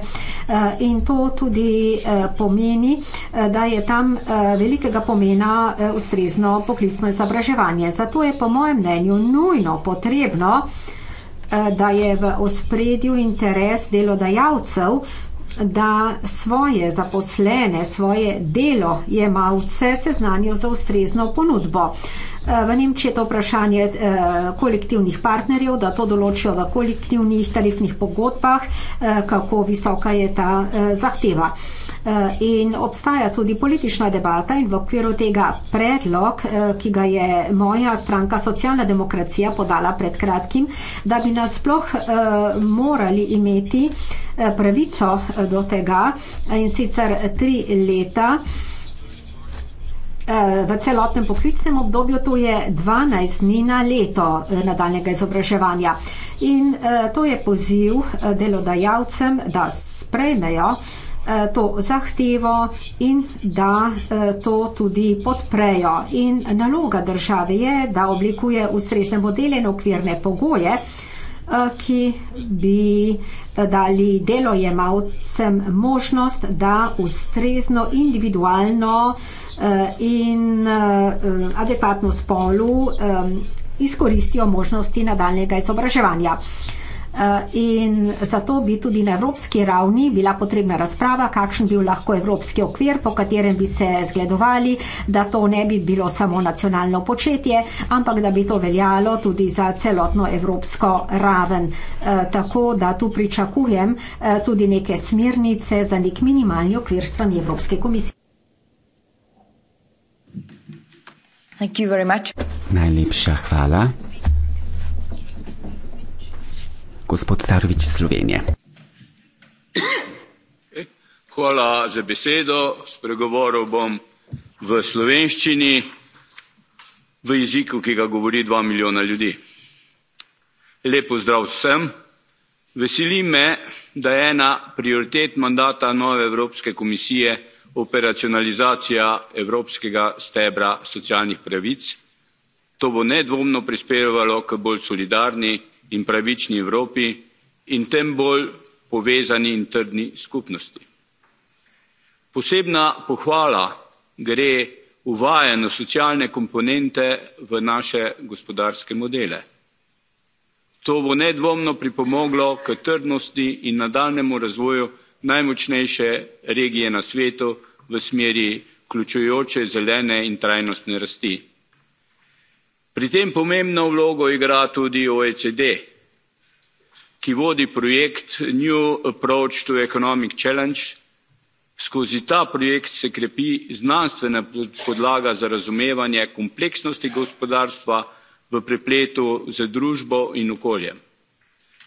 in to tudi Eh, pomeni, eh, da je tam eh, velikega pomena ustrezno poklicno izobraževanje. Zato je po mojem mnenju nujno potrebno, da je v ospredju interes delodajalcev, da svoje zaposlene, svoje delo jemalce seznanijo za ustrezno ponudbo. V Nemčiji je to vprašanje kolektivnih partnerjev, da to določijo v kolektivnih tarifnih pogodbah, kako visoka je ta zahteva. Eh, in obstaja tudi politična debata in v okviru tega predlog, eh, ki ga je moja stranka Socialna demokracija podala pred kratkim, da bi nas sploh eh, morali imeti pravico do tega in sicer tri leta v celotnem poklicnem obdobju, to je 12 dni na leto nadaljnega izobraževanja. In to je poziv delodajalcem, da sprejmejo Eh, to zahtevo in da eh, to tudi podprejo. In naloga države je, da oblikuje ustrezne modele in okvirne pogoje, eh, ki bi dali delojemalcem možnost, da ustrezno, individualno in adekvatno spolu izkoristijo možnosti nadaljnega izobraževanja. Eh, in zato bi tudi na evropski ravni bila potrebna razprava, kakšen bi lahko evropski okvir, po katerem bi se zgledovali, da to ne bi bilo samo nacionalno početje, ampak da bi to veljalo tudi za celotno evropsko raven. Eh, tako da tu pričakujem eh, tudi neke smirnice za nek minimalni okvir strani Evropske komisije. Najlepša hvala gospod Starovič iz Slovenije. Hvala za besedo. Spregovoril bom v slovenščini, v jeziku, ki ga govori dva milijona ljudi. Lepo zdrav vsem. Veseli me, da je ena prioritet mandata nove Evropske komisije operacionalizacija evropskega stebra socialnih pravic. To bo nedvomno prispevalo k bolj solidarni in pravični evropi in tem bolj povezani in trdni skupnosti. posebna pohvala gre uvajanju socialne komponente v naše gospodarske modele. to bo nedvomno pripomoglo k trdnosti in nadaljnjemu razvoju najmočnejše regije na svetu v smeri vključujoče zelene in trajnostne rasti pri tem pomembno vlogo igra tudi oecd ki vodi projekt new approach to economic challenge skozi ta projekt se krepi znanstvena podlaga za razumevanje kompleksnosti gospodarstva v prepletu z družbo in okoljem.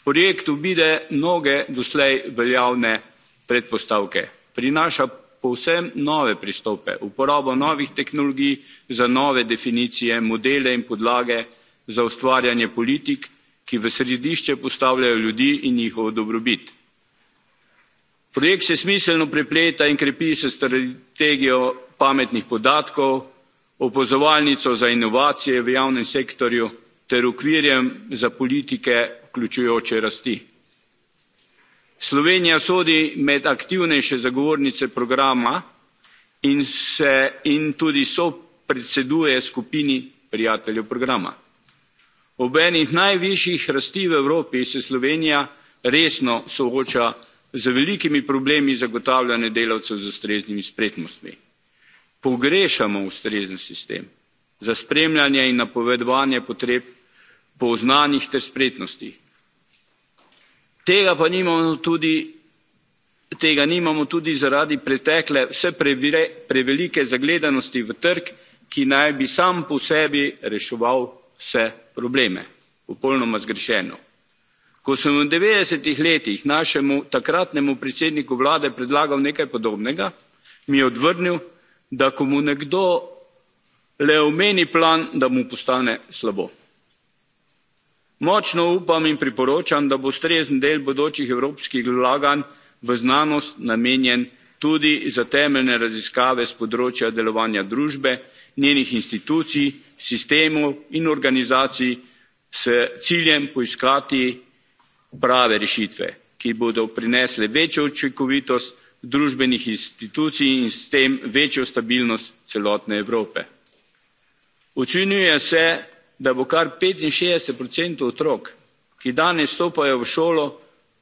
projekt obide mnoge doslej veljavne predpostavke prinaša povsem nove pristope uporabo novih tehnologij za nove definicije modele in podlage za ustvarjanje politik ki v središče postavljajo ljudi in njihovo dobrobit. projekt se smiselno prepleta in krepi s strategijo pametnih podatkov opazovalnico za inovacije v javnem sektorju ter okvirjem za politike vključujoče rasti slovenija sodi med aktivnejše zagovornice programa in se in tudi sopredseduje skupini prijateljev programa. ob eni najvišjih rasti v evropi se slovenija resno sooča z velikimi problemi zagotavljanja delavcev z ustreznimi spretnostmi. pogrešamo ustrezen sistem za spremljanje in napovedovanje potreb po znanjih ter spretnostih tega pa nimamo tudi tega nimamo tudi zaradi pretekle vse prevelike zagledanosti v trg ki naj bi sam po sebi reševal vse probleme popolnoma zgrešeno. ko sem v devetdesetih letih našemu takratnemu predsedniku vlade predlagal nekaj podobnega mi je odvrnil da ko mu nekdo le omeni plan da mu postane slabo močno upam in priporočam da bo ustrezen del bodočih evropskih vlaganj v znanost namenjen tudi za temeljne raziskave s področja delovanja družbe njenih institucij sistemov in organizacij s ciljem poiskati prave rešitve ki bodo prinesle večjo učinkovitost družbenih institucij in s tem večjo stabilnost celotne evrope. ocenjuje se da bo kar petinšestdeset otrok ki danes vstopajo v šolo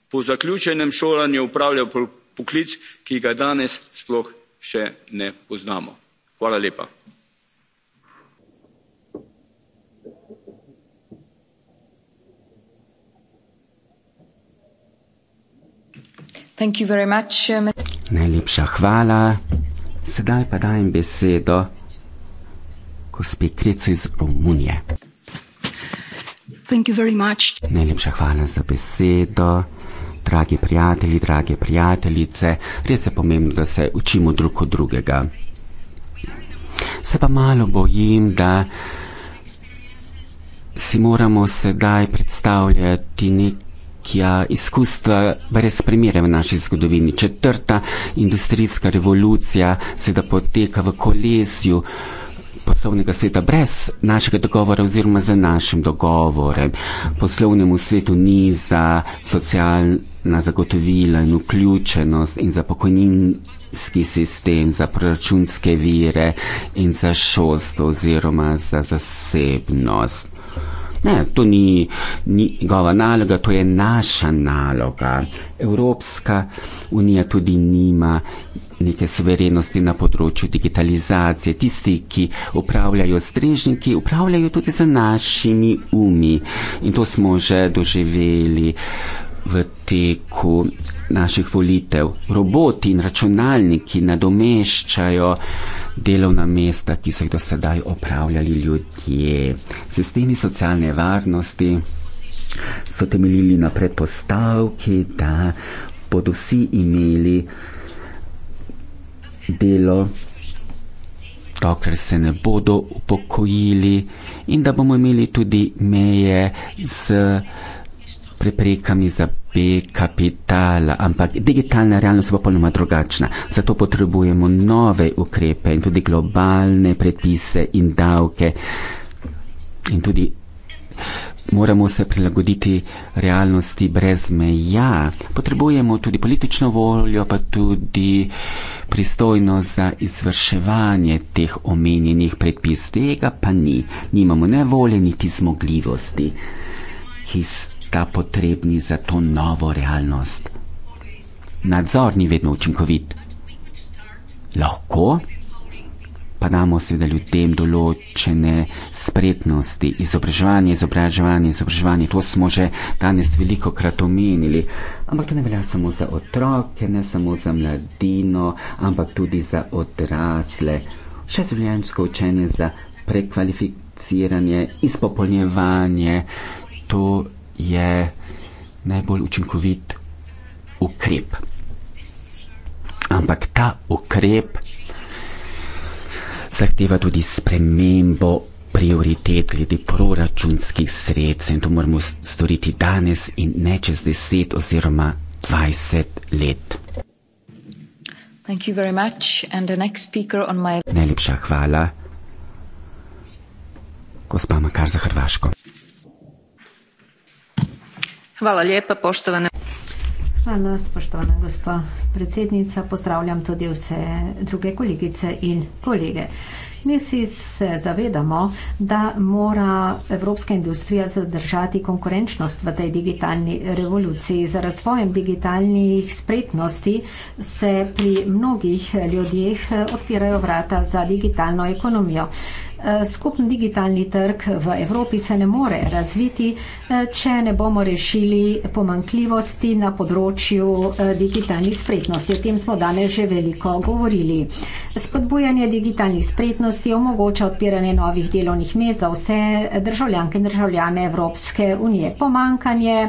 po zaključenem šolanju opravljal poklic ki ga danes sploh še ne poznamo. Hvala lepa. Uh, Najlepša hvala. Sedaj pa dajem besedo gospe Krecu iz Romunije. Najlepša hvala za besedo. Dragi prijatelji, drage prijateljice, res je pomembno, da se učimo drug od drugega. Se pa malo bojim, da si moramo sedaj predstavljati nekja izkustva brez primere v naši zgodovini. Četrta industrijska revolucija se da poteka v kolesju poslovnega sveta brez našega dogovora oziroma z našim dogovorem. Poslovnemu svetu ni za socialna zagotovila in vključenost in za pokojninski sistem, za proračunske vire in za šolstvo oziroma za zasebnost. Ne, to ni njegova naloga, to je naša naloga. Evropska unija tudi nima neke suverenosti na področju digitalizacije. Tisti, ki upravljajo strežniki, upravljajo tudi za našimi umi. In to smo že doživeli v teku naših volitev. Roboti in računalniki nadomeščajo delovna mesta, ki so jih do sedaj opravljali ljudje. Sistemi socialne varnosti so temeljili na predpostavki, da bodo vsi imeli delo, dokler se ne bodo upokojili in da bomo imeli tudi meje z preprekami za B kapital, ampak digitalna realnost bo polnoma drugačna. Zato potrebujemo nove ukrepe in tudi globalne predpise in davke. In tudi moramo se prilagoditi realnosti brez meja. Potrebujemo tudi politično voljo, pa tudi pristojnost za izvrševanje teh omenjenih predpis. Tega pa ni. Nimamo ne volje, niti zmogljivosti. Hist sta potrebni za to novo realnost. Nadzor ni vedno učinkovit. Lahko pa damo seveda ljudem določene spretnosti, izobraževanje, izobraževanje, izobraževanje. To smo že danes veliko krat omenili, ampak to ne velja samo za otroke, ne samo za mladino, ampak tudi za odrasle. Še zvoljansko učenje za prekvalifikacijo. Izpopolnjevanje, to je najbolj učinkovit ukrep. Ampak ta ukrep zahteva tudi spremembo prioritet glede proračunskih sredstev in to moramo storiti danes in ne čez 10 oziroma 20 let. My... Najlepša hvala, gospa Makar za Hrvaško. Hvala lepa, poštovane. Hvala, spoštovana gospa predsednica. Pozdravljam tudi vse druge kolegice in kolege. Mi vsi se zavedamo, da mora evropska industrija zadržati konkurenčnost v tej digitalni revoluciji. Za razvojem digitalnih spretnosti se pri mnogih ljudeh odpirajo vrata za digitalno ekonomijo. Eh, skupni digitalni trg v Evropi se ne more razviti, eh, če ne bomo rešili pomankljivosti na področju eh, digitalnih spretnosti. O tem smo danes že veliko govorili. Spodbujanje digitalnih spretnosti omogoča odpiranje novih delovnih mest za vse državljanke in državljane Evropske unije. Pomankanje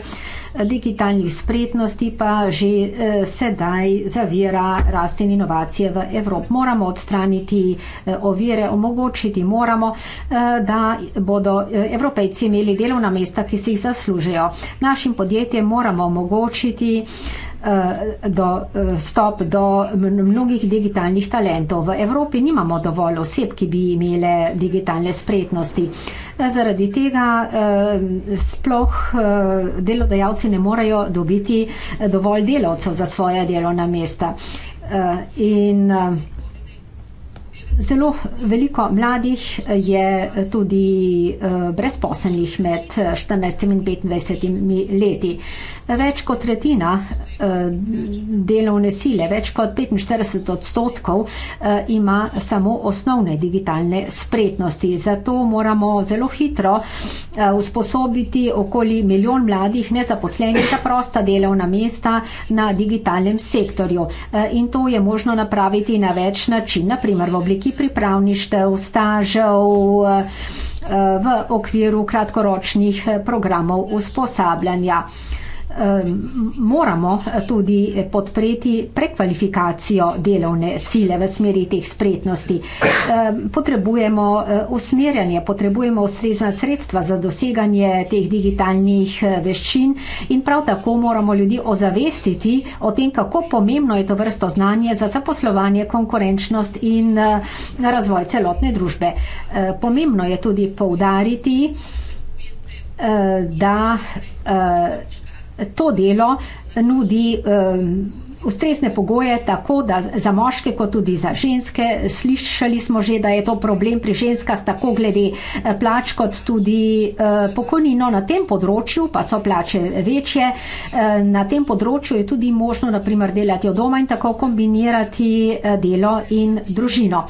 digitalnih spretnosti pa že eh, sedaj zavira rast in inovacije v Evropi. Moramo odstraniti eh, ovire, omogočiti moramo, eh, da bodo evropejci imeli delovna mesta, ki si jih zaslužijo. Našim podjetjem moramo omogočiti, Eh, do, eh, stop do mnogih digitalnih talentov. V Evropi nimamo dovolj oseb, ki bi imele digitalne spretnosti. Eh, zaradi tega sploh delodajalci ne morejo dobiti dovolj delavcev za svoje delovna mesta. In Zelo veliko mladih je tudi eh, brezposelnih med 14 eh, in 25 leti. Več kot tretjina eh, delovne sile, več kot 45 odstotkov ima samo osnovne digitalne spretnosti. Zato moramo zelo hitro usposobiti okoli milijon mladih nezaposlenih za prosta delovna mesta na digitalnem sektorju. In to je možno napraviti na več način, naprimer v obliki obliki pripravništev, stažev eh, v okviru kratkoročnih programov usposabljanja moramo eh, tudi eh, podpreti prekvalifikacijo delovne sile v smeri teh spretnosti. Potrebujemo eh, usmerjanje, potrebujemo ustrezna sredstva za doseganje teh digitalnih veščin in prav tako moramo ljudi ozavestiti o tem, kako pomembno je to vrsto znanje za zaposlovanje, konkurenčnost in razvoj celotne družbe. Pomembno je tudi poudariti, da to delo nudi um, ustrezne pogoje, tako da za moške, kot tudi za ženske. Slišali smo že, da je to problem pri ženskah, tako glede eh, plač, kot tudi eh, pokojnino. No, na tem področju pa so plače večje. Eh, na tem področju je tudi možno, naprimer, delati od doma in tako kombinirati delo in družino.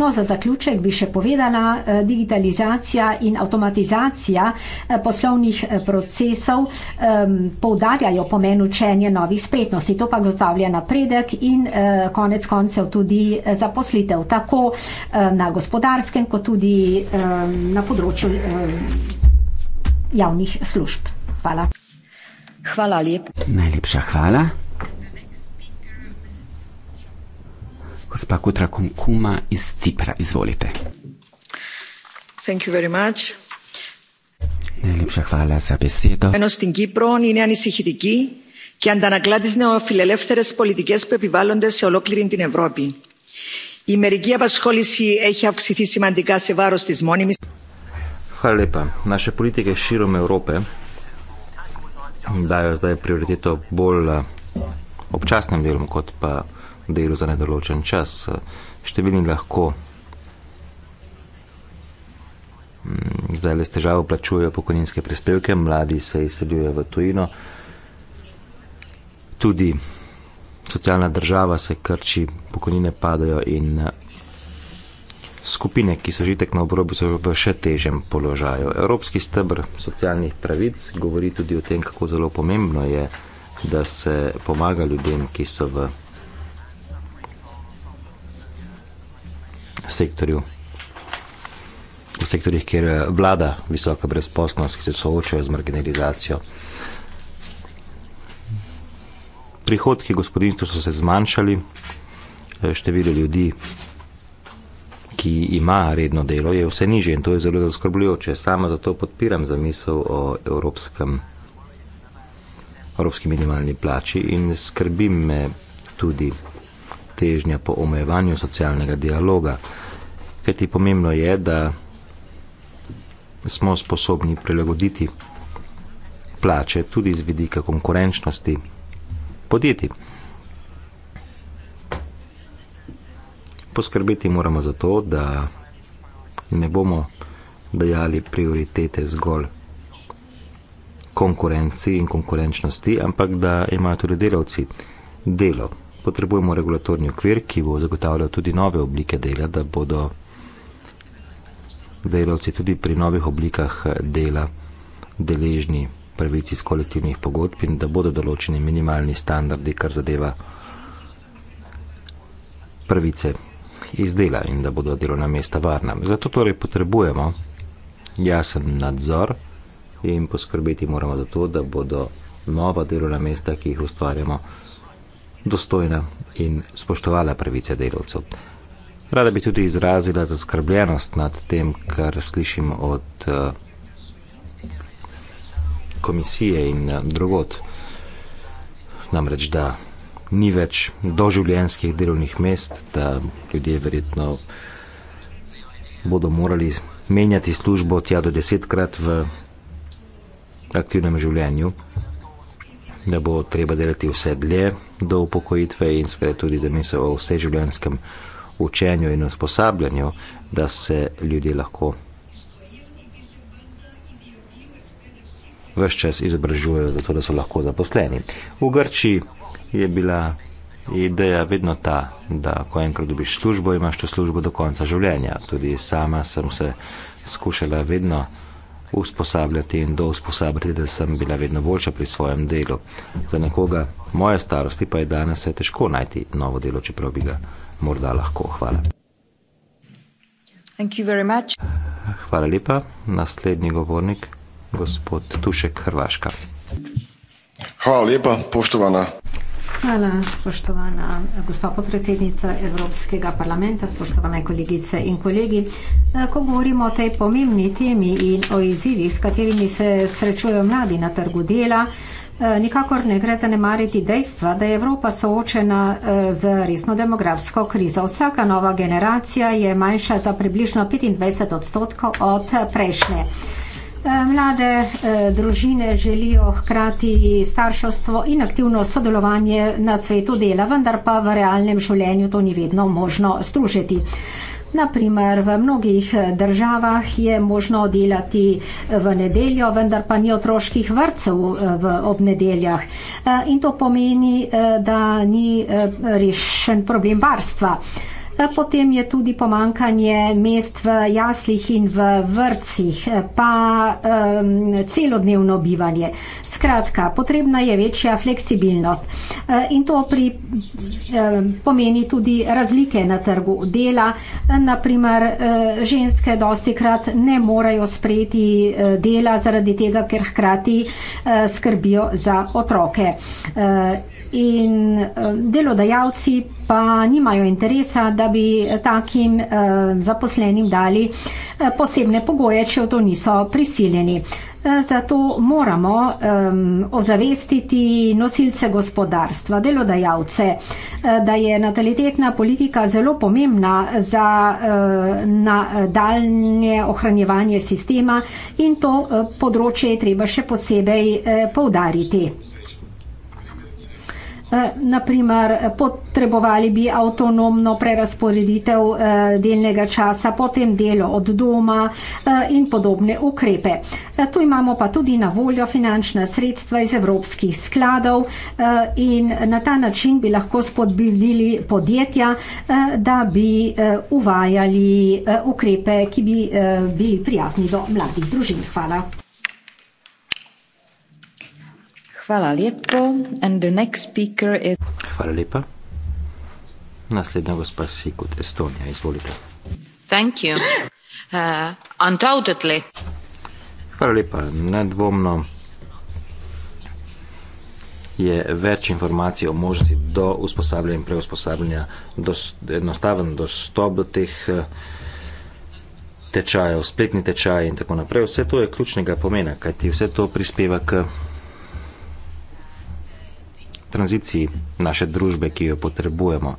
No, za zaključek bi še povedala, digitalizacija in avtomatizacija poslovnih procesov poudarjajo pomen učenja novih spretnosti. To pa gotavlja pripravlja napredek in eh, konec koncev tudi eh, zaposlitev, tako eh, na gospodarskem, kot tudi na področju javnih služb. Hvala. Hvala lep. Najlepša hvala. Gospa Kutra Kunkuma iz Cipra, izvolite. Thank you very much. Najlepša hvala za besedo. Enosti in Gibron in Janis Hidigi και αντανακλά τι νεοφιλελεύθερε πολιτικέ που επιβάλλονται σε ολόκληρη την ευρώπη. Η μερική απασχόληση έχει αυξηθεί σημαντικά σε βάρο τη μόνιμη. Φαλέπα, να σε πολίτε και σύρω με Ευρώπη. Δάει ω δάει πριωρητή το μπόλα. Οπτσάστε με δίλμο κότυπα. Δίλω δεν είναι το λόγο τσάντσα. Στη βίνη λαχκό. Zdaj eh, mm, le s težavo plačujejo pokojninske prispevke, mladi se izseljujejo v tujino tudi socialna država se krči, pokojnine padajo in eh, skupine, ki so žitek na obrobju, so v še težjem položaju. Evropski stebr socialnih pravic govori tudi o tem, kako zelo pomembno je, da se pomaga ljudem, ki so v sektorju v sektorjih, kjer eh, vlada visoka brezposnost, ki se soočajo z marginalizacijo. prihodki gospodinstva so se zmanjšali, e, število ljudi, ki ima redno delo, je vse nižje in to je zelo zaskrbljujoče. Sama zato podpiram zamisel o evropskem, evropski minimalni plači in skrbi me tudi težnja po omejevanju socialnega dialoga, ker ti pomembno je, da smo sposobni prilagoditi plače tudi z vidika konkurenčnosti podjetij. Poskrbeti moramo za to, da ne bomo dajali prioritete zgolj konkurenci in konkurenčnosti, ampak da imajo tudi delavci delo. Potrebujemo regulatorni okvir, ki bo zagotavljal tudi nove oblike dela, da bodo delavci tudi pri novih oblikah dela deležni pravic iz kolektivnih pogodb in da bodo določeni minimalni standardi, kar zadeva pravice iz dela in da bodo delovna mesta varna. Zato torej potrebujemo jasen nadzor in poskrbeti moramo za to, da bodo nova delovna mesta, ki jih ustvarjamo, dostojna in spoštovala pravice delavcev. Rada bi tudi izrazila zaskrbljenost nad tem, kar slišim od uh, komisije in eh, drugot. Namreč, da ni več doživljenskih delovnih mest, da ljudje verjetno bodo morali menjati službo tja do desetkrat v aktivnem življenju, da bo treba delati vse dlje do upokojitve in skrat tudi za misel o vseživljenskem učenju in usposabljanju, da se ljudje lahko vse čas izobražujejo, zato da so lahko zaposleni. V Grči je bila ideja vedno ta, da ko enkrat dobiš službo, imaš to službo do konca življenja. Tudi sama sem se skušala vedno usposabljati in do usposabljati, da sem bila vedno boljša pri svojem delu. Za nekoga moje starosti pa je danes je težko najti novo delo, čeprav bi ga morda lahko. Hvala. Hvala lepa. Naslednji govornik gospod Tušek Hrvaška. Hvala lepa, poštovana. Hvala, spoštovana gospa podpredsednica Evropskega parlamenta, spoštovane kolegice in kolegi. Eh, ko govorimo o tej pomembni temi in o izzivih, s katerimi se srečujejo mladi na trgu dela, eh, nikakor ne gre zanemariti dejstva, da je Evropa soočena eh, z resno demografsko krizo. Vsaka nova generacija je manjša za približno 25 odstotkov od prejšnje. Eh, mlade eh, družine želijo hkrati starševstvo in aktivno sodelovanje na svetu dela, vendar pa v realnem življenju to ni vedno možno združiti. Naprimer, v mnogih eh, državah je možno delati v nedeljo, vendar pa ni otroških vrtcev ob nedeljah. In to pomeni, da ni rešen problem varstva. Eh, potem je tudi pomankanje mest v jaslih in v vrcih, eh, pa um, celodnevno bivanje. Skratka, potrebna je večja fleksibilnost eh, in to pri, um, pomeni tudi razlike na trgu dela. Naprimer, ženske dosti krat ne morejo sprejeti dela zaradi tega, ker hkrati skrbijo za otroke. In delodajalci pa nimajo interesa, da bi eh, takim eh, zaposlenim dali eh, posebne pogoje, če v to niso prisiljeni. Zato moramo um, ozavestiti nosilce gospodarstva, delodajalce, da je natalitetna politika zelo pomembna za uh, nadaljne ohranjevanje sistema in to uh, področje je treba še posebej uh, poudariti. Eh, naprimer, eh, potrebovali bi avtonomno prerasporeditev eh, delnega časa, potem delo od doma in podobne ukrepe. Tu imamo pa tudi na voljo finančna sredstva iz evropskih skladov in na ta način bi lahko spodbili podjetja, da bi uvajali ukrepe, ki bi bili prijazni do mladih družin. Hvala. Hvala lepo. Is... Hvala lepa. Naslednja gospa si kot Estonija, izvolite. Uh, Hvala lepa. Nedvomno je več informacij o možnosti do usposabljanja in preusposabljanja, enostaven dostop do teh eh, tečajev, spletni tečaji in tako naprej. Vse to je ključnega pomena, kajti vse to prispeva k tranziciji naše družbe, ki jo potrebujemo,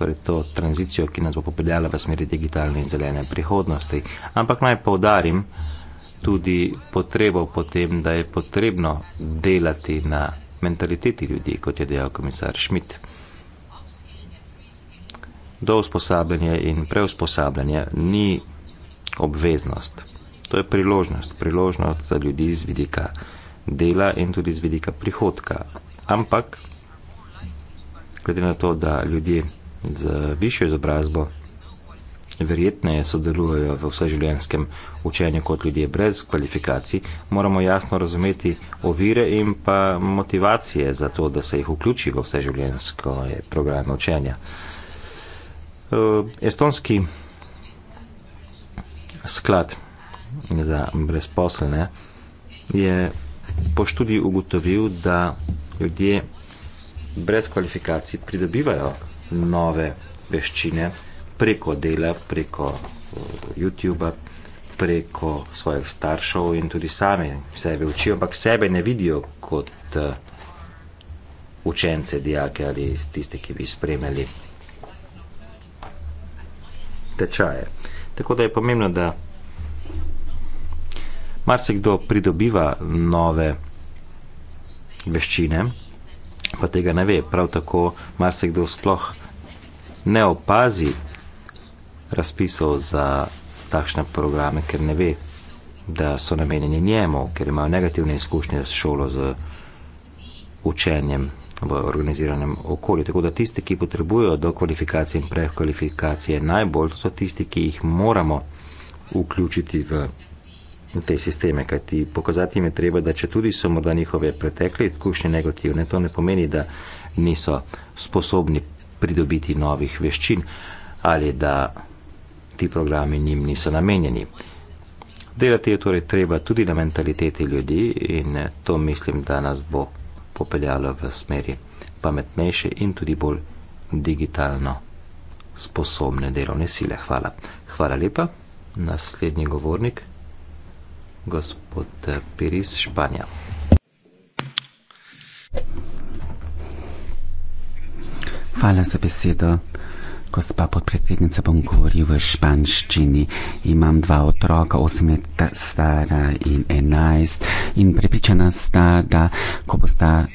torej to tranzicijo, ki nas bo popeljala v smeri digitalne in zelene prihodnosti. Ampak naj povdarim tudi potrebo po tem, da je potrebno delati na mentaliteti ljudi, kot je dejal komisar Schmidt. Do usposabljanja in preusposabljanja ni obveznost. To je priložnost, priložnost za ljudi z vidika dela in tudi z vidika prihodka. Ampak glede na to, da ljudje z višjo izobrazbo verjetneje sodelujejo v vseživljenjskem učenju kot ljudje brez kvalifikacij, moramo jasno razumeti ovire in pa motivacije za to, da se jih vključi v vseživljenjsko eh, program učenja. Eh, estonski sklad za brezposelne je po študiji ugotovil, da ljudje brez kvalifikacij pridobivajo nove veščine preko dela, preko eh, YouTube, preko svojih staršev in tudi sami sebe učijo, ampak sebe ne vidijo kot eh, učence, dijake ali tiste, ki bi spremljali tečaje. Tako da je pomembno, da marsikdo pridobiva nove veščine, pa tega ne ve. Prav tako marsikdo sploh ne opazi razpisov za takšne programe, ker ne ve, da so namenjeni njemu, ker imajo negativne izkušnje s šolo, z učenjem v organiziranem okolju. Tako da tisti, ki potrebujejo dokvalifikacije in prekvalifikacije najbolj, to so tisti, ki jih moramo vključiti v te sisteme, kajti pokazati jim je treba, da če tudi so morda njihove pretekle izkušnje negativne, to ne pomeni, da niso sposobni pridobiti novih veščin ali da ti programi njim niso namenjeni. Delati je torej treba tudi na mentaliteti ljudi in eh, to mislim, da nas bo popeljalo v smeri pametnejše in tudi bolj digitalno sposobne delovne sile. Hvala. Hvala lepa. Naslednji govornik gospod Piris Španja. Hvala za besedo. Gospa podpredsednica, bom govoril v španščini. Imam dva otroka, osem let stara in enajst. In prepričana sta, da ko bo sta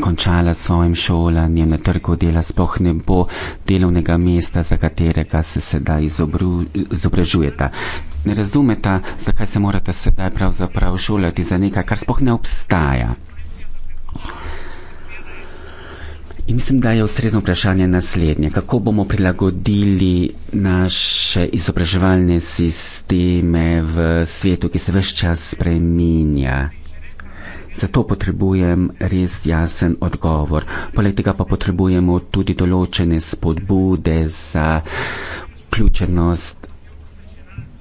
končala s svojim šolanjem na trgu dela, sploh ne bo delovnega mesta, za katerega se sedaj izobražujeta. Ne razumeta, zakaj se morate sedaj pravzaprav šolati za nekaj, kar sploh ne obstaja. In mislim, da je ustrezno vprašanje naslednje: kako bomo prilagodili naše izobraževalne sisteme v svetu, ki se vse čas spreminja? Zato potrebujem res jasen odgovor. Poleg tega pa potrebujemo tudi določene spodbude za vključenost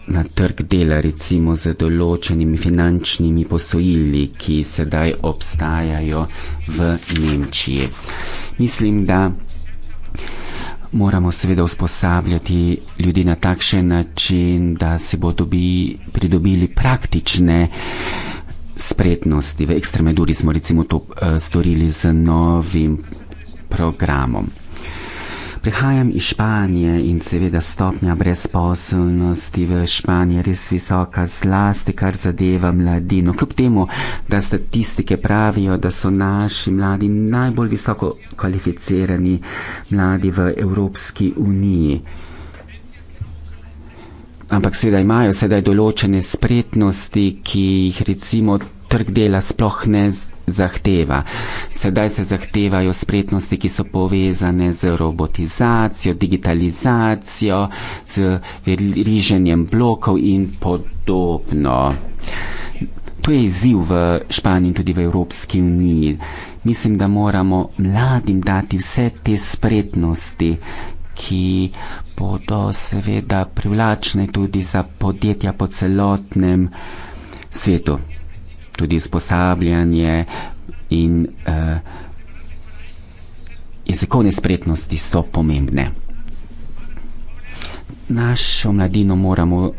na trg dela, recimo z določenimi finančnimi posojili, ki sedaj obstajajo v Nemčiji. Mislim, da moramo seveda usposabljati ljudi na takšen način, da se bodo pridobili praktične spretnosti. V Extremaduri smo recimo to uh, storili z novim programom. Prihajam iz Španije in seveda stopnja brezposobnosti v Španiji je res visoka, zlasti kar zadeva mladino. Kljub temu, da statistike pravijo, da so naši mladi najbolj visoko kvalificirani mladi v Evropski uniji ampak seveda imajo sedaj določene spretnosti, ki jih recimo trg dela sploh ne zahteva. Sedaj se zahtevajo spretnosti, ki so povezane z robotizacijo, digitalizacijo, z riženjem blokov in podobno. To je izziv v Španiji in tudi v Evropski uniji. Mislim, da moramo mladim dati vse te spretnosti, ki bodo seveda privlačne tudi za podjetja po celotnem svetu. Tudi usposabljanje in uh, jezikovne spretnosti so pomembne. Našo mladino moramo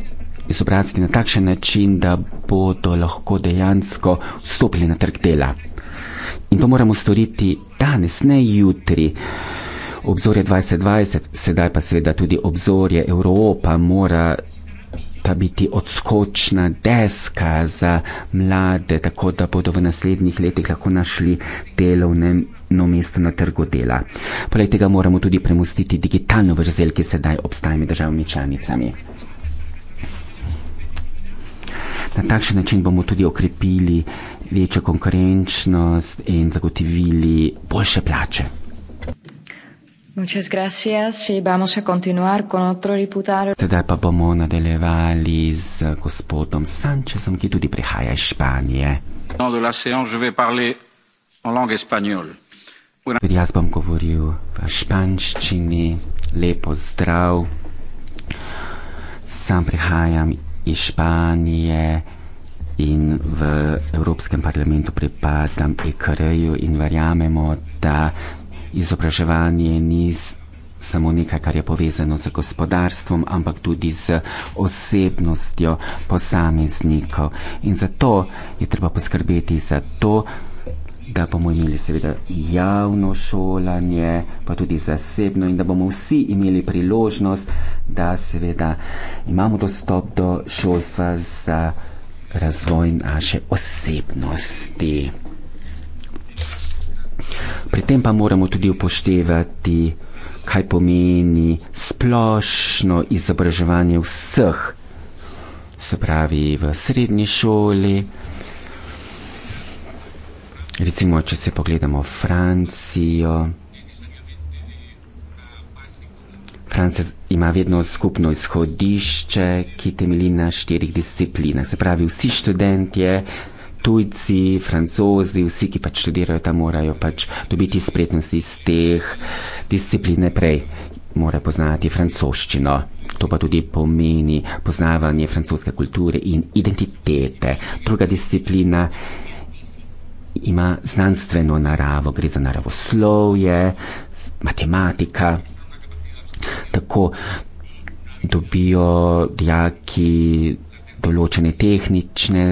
izobraziti na takšen način, da bodo lahko dejansko vstopili na trg dela. In to moramo storiti danes, ne jutri. Uh, obzorje 2020, sedaj pa seveda tudi obzorje Evropa mora pa biti odskočna deska za mlade, tako da bodo v naslednjih letih lahko našli delovne no, mesto na trgu dela. Poleg tega moramo tudi premustiti digitalno vrzel, ki sedaj obstaja med državami članicami. Na takšen način bomo tudi okrepili večjo konkurenčnost in zagotovili boljše plače. Muchas gracias y vamos a continuar con otro diputado. Sedaj pa bomo nadaljevali z gospodom Sančezom, ki tudi prihaja iz Španije. Tudi jaz bom govoril v španščini. Lep pozdrav. Sam prihajam iz Španije in v Evropskem parlamentu pripadam IKR-ju e in verjamemo, da izobraževanje ni samo nekaj, kar je povezano z gospodarstvom, ampak tudi z osebnostjo posameznikov. In zato je treba poskrbeti za to, da bomo imeli seveda javno šolanje, pa tudi zasebno in da bomo vsi imeli priložnost, da seveda imamo dostop do šolstva za razvoj naše osebnosti. Pri tem pa moramo tudi upoštevati, kaj pomeni splošno izobraževanje vseh, se pravi v srednji šoli. Recimo, če se pogledamo Francijo. Francija ima vedno skupno izhodišče, ki temelji na štirih disciplinah. Se pravi, vsi študentje tujci, francozi, vsi, ki pač študirajo tam, morajo pač dobiti spretnosti iz teh disciplin prej, morajo poznati francoščino. To pa tudi pomeni poznavanje francoske kulture in identitete. Druga disciplina ima znanstveno naravo, gre za naravoslovje, matematika. Tako dobijo dijaki določene tehnične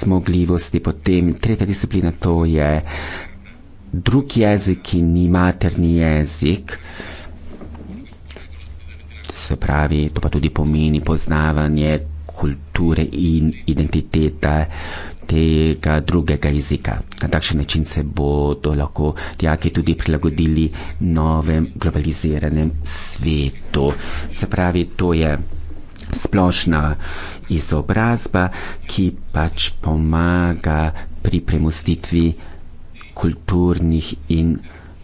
zmogljivosti, potem tretja disciplina to je drug jezik, ki ni materni jezik. Se pravi, to pa tudi pomeni poznavanje kulture in identitete tega drugega jezika. Na takšen način se bodo lahko dijaki tudi prilagodili novem globaliziranem svetu. Se pravi, to je splošna izobrazba, ki pač pomaga pri premustitvi kulturnih in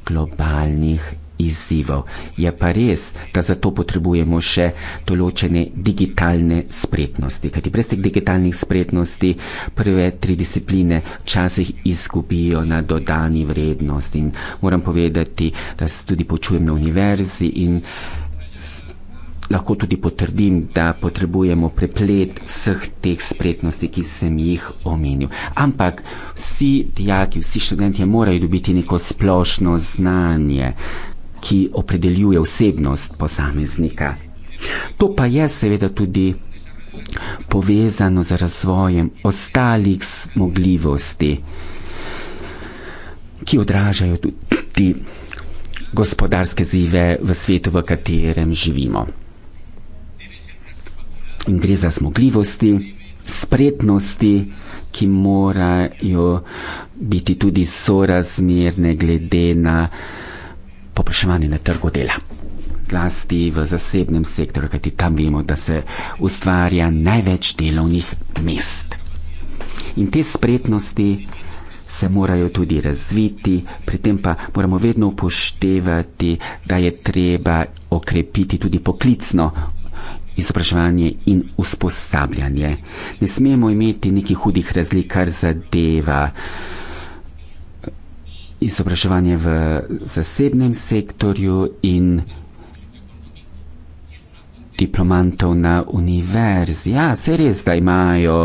globalnih izzivov. Je pa res, da za to potrebujemo še določene digitalne spretnosti, kajti brez teh digitalnih spretnosti prve tri discipline včasih izgubijo na dodani vrednosti in moram povedati, da se tudi počujem na univerzi in lahko tudi potrdim, da potrebujemo preplet vseh teh spretnosti, ki sem jih omenil. Ampak vsi dijaki, vsi študentje morajo dobiti neko splošno znanje, ki opredeljuje osebnost posameznika. To pa je seveda tudi povezano z razvojem ostalih zmogljivosti, ki odražajo tudi gospodarske zive v svetu, v katerem živimo in gre za zmogljivosti, spretnosti, ki morajo biti tudi sorazmerne glede na popraševanje na trgu dela. Zlasti v zasebnem sektorju, kajti tam vemo, da se ustvarja največ delovnih mest. In te spretnosti se morajo tudi razviti, pri tem pa moramo vedno upoštevati, da je treba okrepiti tudi poklicno izobraževanje in usposabljanje. Ne smemo imeti nekih hudih razlik, kar zadeva eh, izobraževanje v zasebnem sektorju in diplomantov na univerzi. Ja, se res, da imajo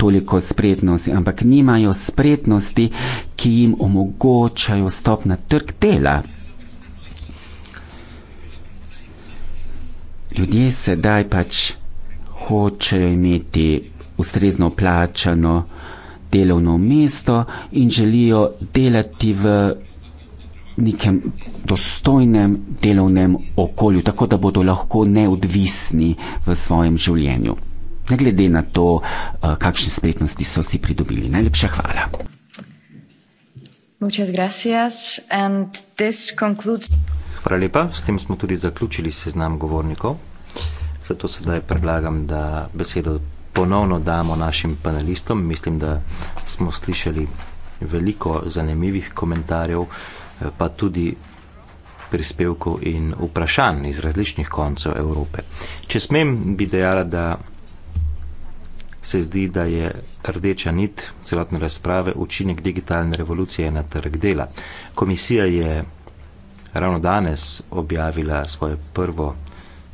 toliko spretnosti, ampak nimajo spretnosti, ki jim omogočajo stop na trg dela. ljudje sedaj pač hočejo imeti ustrezno plačano delovno mesto in želijo delati v nekem dostojnem delovnem okolju, tako da bodo lahko neodvisni v svojem življenju. Ne glede na to, eh, kakšne spretnosti so si pridobili. Najlepša hvala. Muchas gracias. And this concludes. Hvala lepa. S tem smo tudi zaključili seznam govornikov. Zato sedaj predlagam, da besedo ponovno damo našim panelistom. Mislim, da smo slišali veliko zanimivih komentarjev, eh, pa tudi prispevkov in vprašanj iz različnih koncev Evrope. Če smem, bi dejala, da se zdi, da je rdeča nit celotne razprave učinek digitalne revolucije na trg dela. Komisija je ravno danes objavila svoje prvo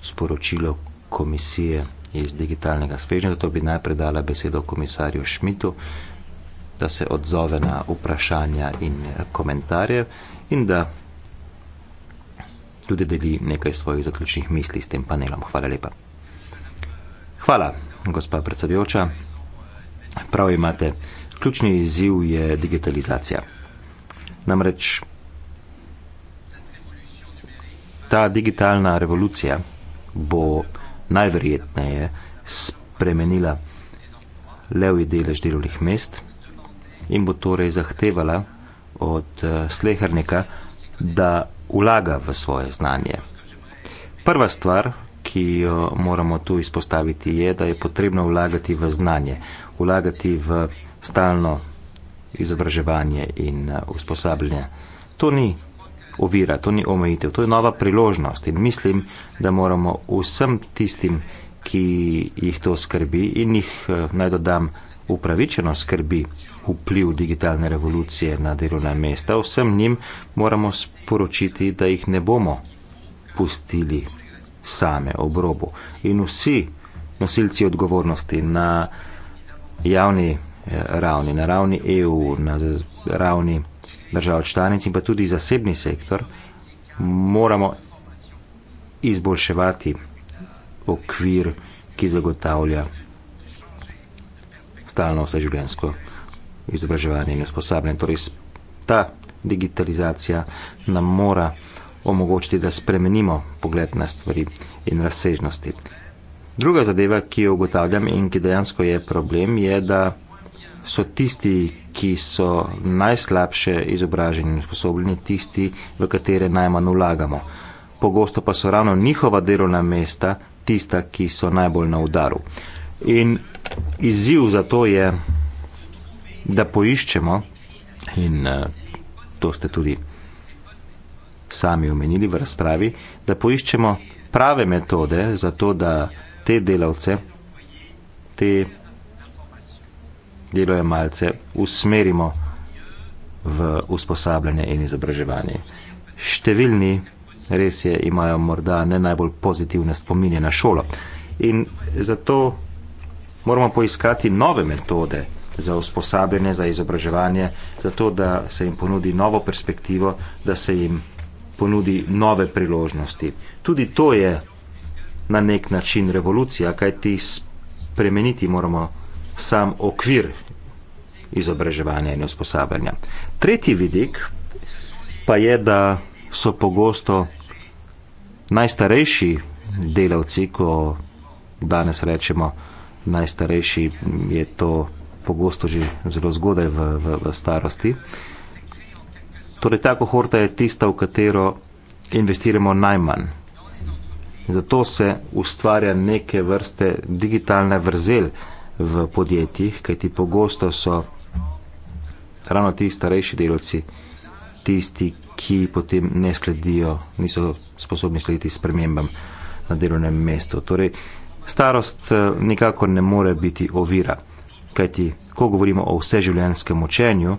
sporočilo komisije iz digitalnega svežnja, zato bi najprej dala besedo komisarju Šmitu, da se odzove na vprašanja in komentarje in da tudi deli nekaj svojih zaključnih misli s tem panelom. Hvala lepa. Hvala, gospa predsedujoča. Prav imate. Ključni izziv je digitalizacija. Namreč ta digitalna revolucija bo najverjetneje spremenila levji delež delovnih mest in bo torej zahtevala od eh, slehernika, da vlaga v svoje znanje. Prva stvar, ki jo moramo tu izpostaviti, je, da je potrebno vlagati v znanje, vlagati v stalno izobraževanje in eh, usposabljanje. To ni ovira, to ni omejitev, to je nova priložnost in mislim, da moramo vsem tistim, ki jih to skrbi in jih eh, naj dodam upravičeno skrbi vpliv digitalne revolucije na delovna mesta, vsem njim moramo sporočiti, da jih ne bomo pustili same ob robu. In vsi nosilci odgovornosti na javni eh, ravni, na ravni EU, na ravni držav članic in pa tudi zasebni sektor, moramo izboljševati okvir, ki zagotavlja stalno vseživljenjsko izobraževanje in usposabljanje. Torej, ta digitalizacija nam mora omogočiti, da spremenimo pogled na stvari in razsežnosti. Druga zadeva, ki jo ugotavljam in ki dejansko je problem, je, da so tisti, ki so najslabše izobraženi in sposobljeni, tisti, v katere najmanj vlagamo. Pogosto pa so ravno njihova delovna mesta tista, ki so najbolj na udaru. In izziv za to je, da poiščemo, in eh, to ste tudi sami omenili v razpravi, da poiščemo prave metode za to, da te delavce, te delo je malce usmerimo v usposabljanje in izobraževanje. Številni res je, imajo morda ne najbolj pozitivne spominje na šolo in zato moramo poiskati nove metode za usposabljanje, za izobraževanje, zato da se jim ponudi novo perspektivo, da se jim ponudi nove priložnosti. Tudi to je na nek način revolucija, kaj ti spremeniti moramo sam okvir izobraževanja in usposabljanja. Tretji vidik pa je, da so pogosto najstarejši delavci, ko danes rečemo najstarejši, je to pogosto že zelo zgodaj v, v, v starosti. Torej, ta kohorta je tista, v katero investiramo najmanj. Zato se ustvarja neke vrste digitalne vrzel, v podjetjih, kajti pogosto so ravno ti starejši delavci tisti, ki potem ne sledijo, niso sposobni slediti spremembam na delovnem mestu. Torej, starost eh, nikakor ne more biti ovira, kajti ko govorimo o vseživljenjskem učenju,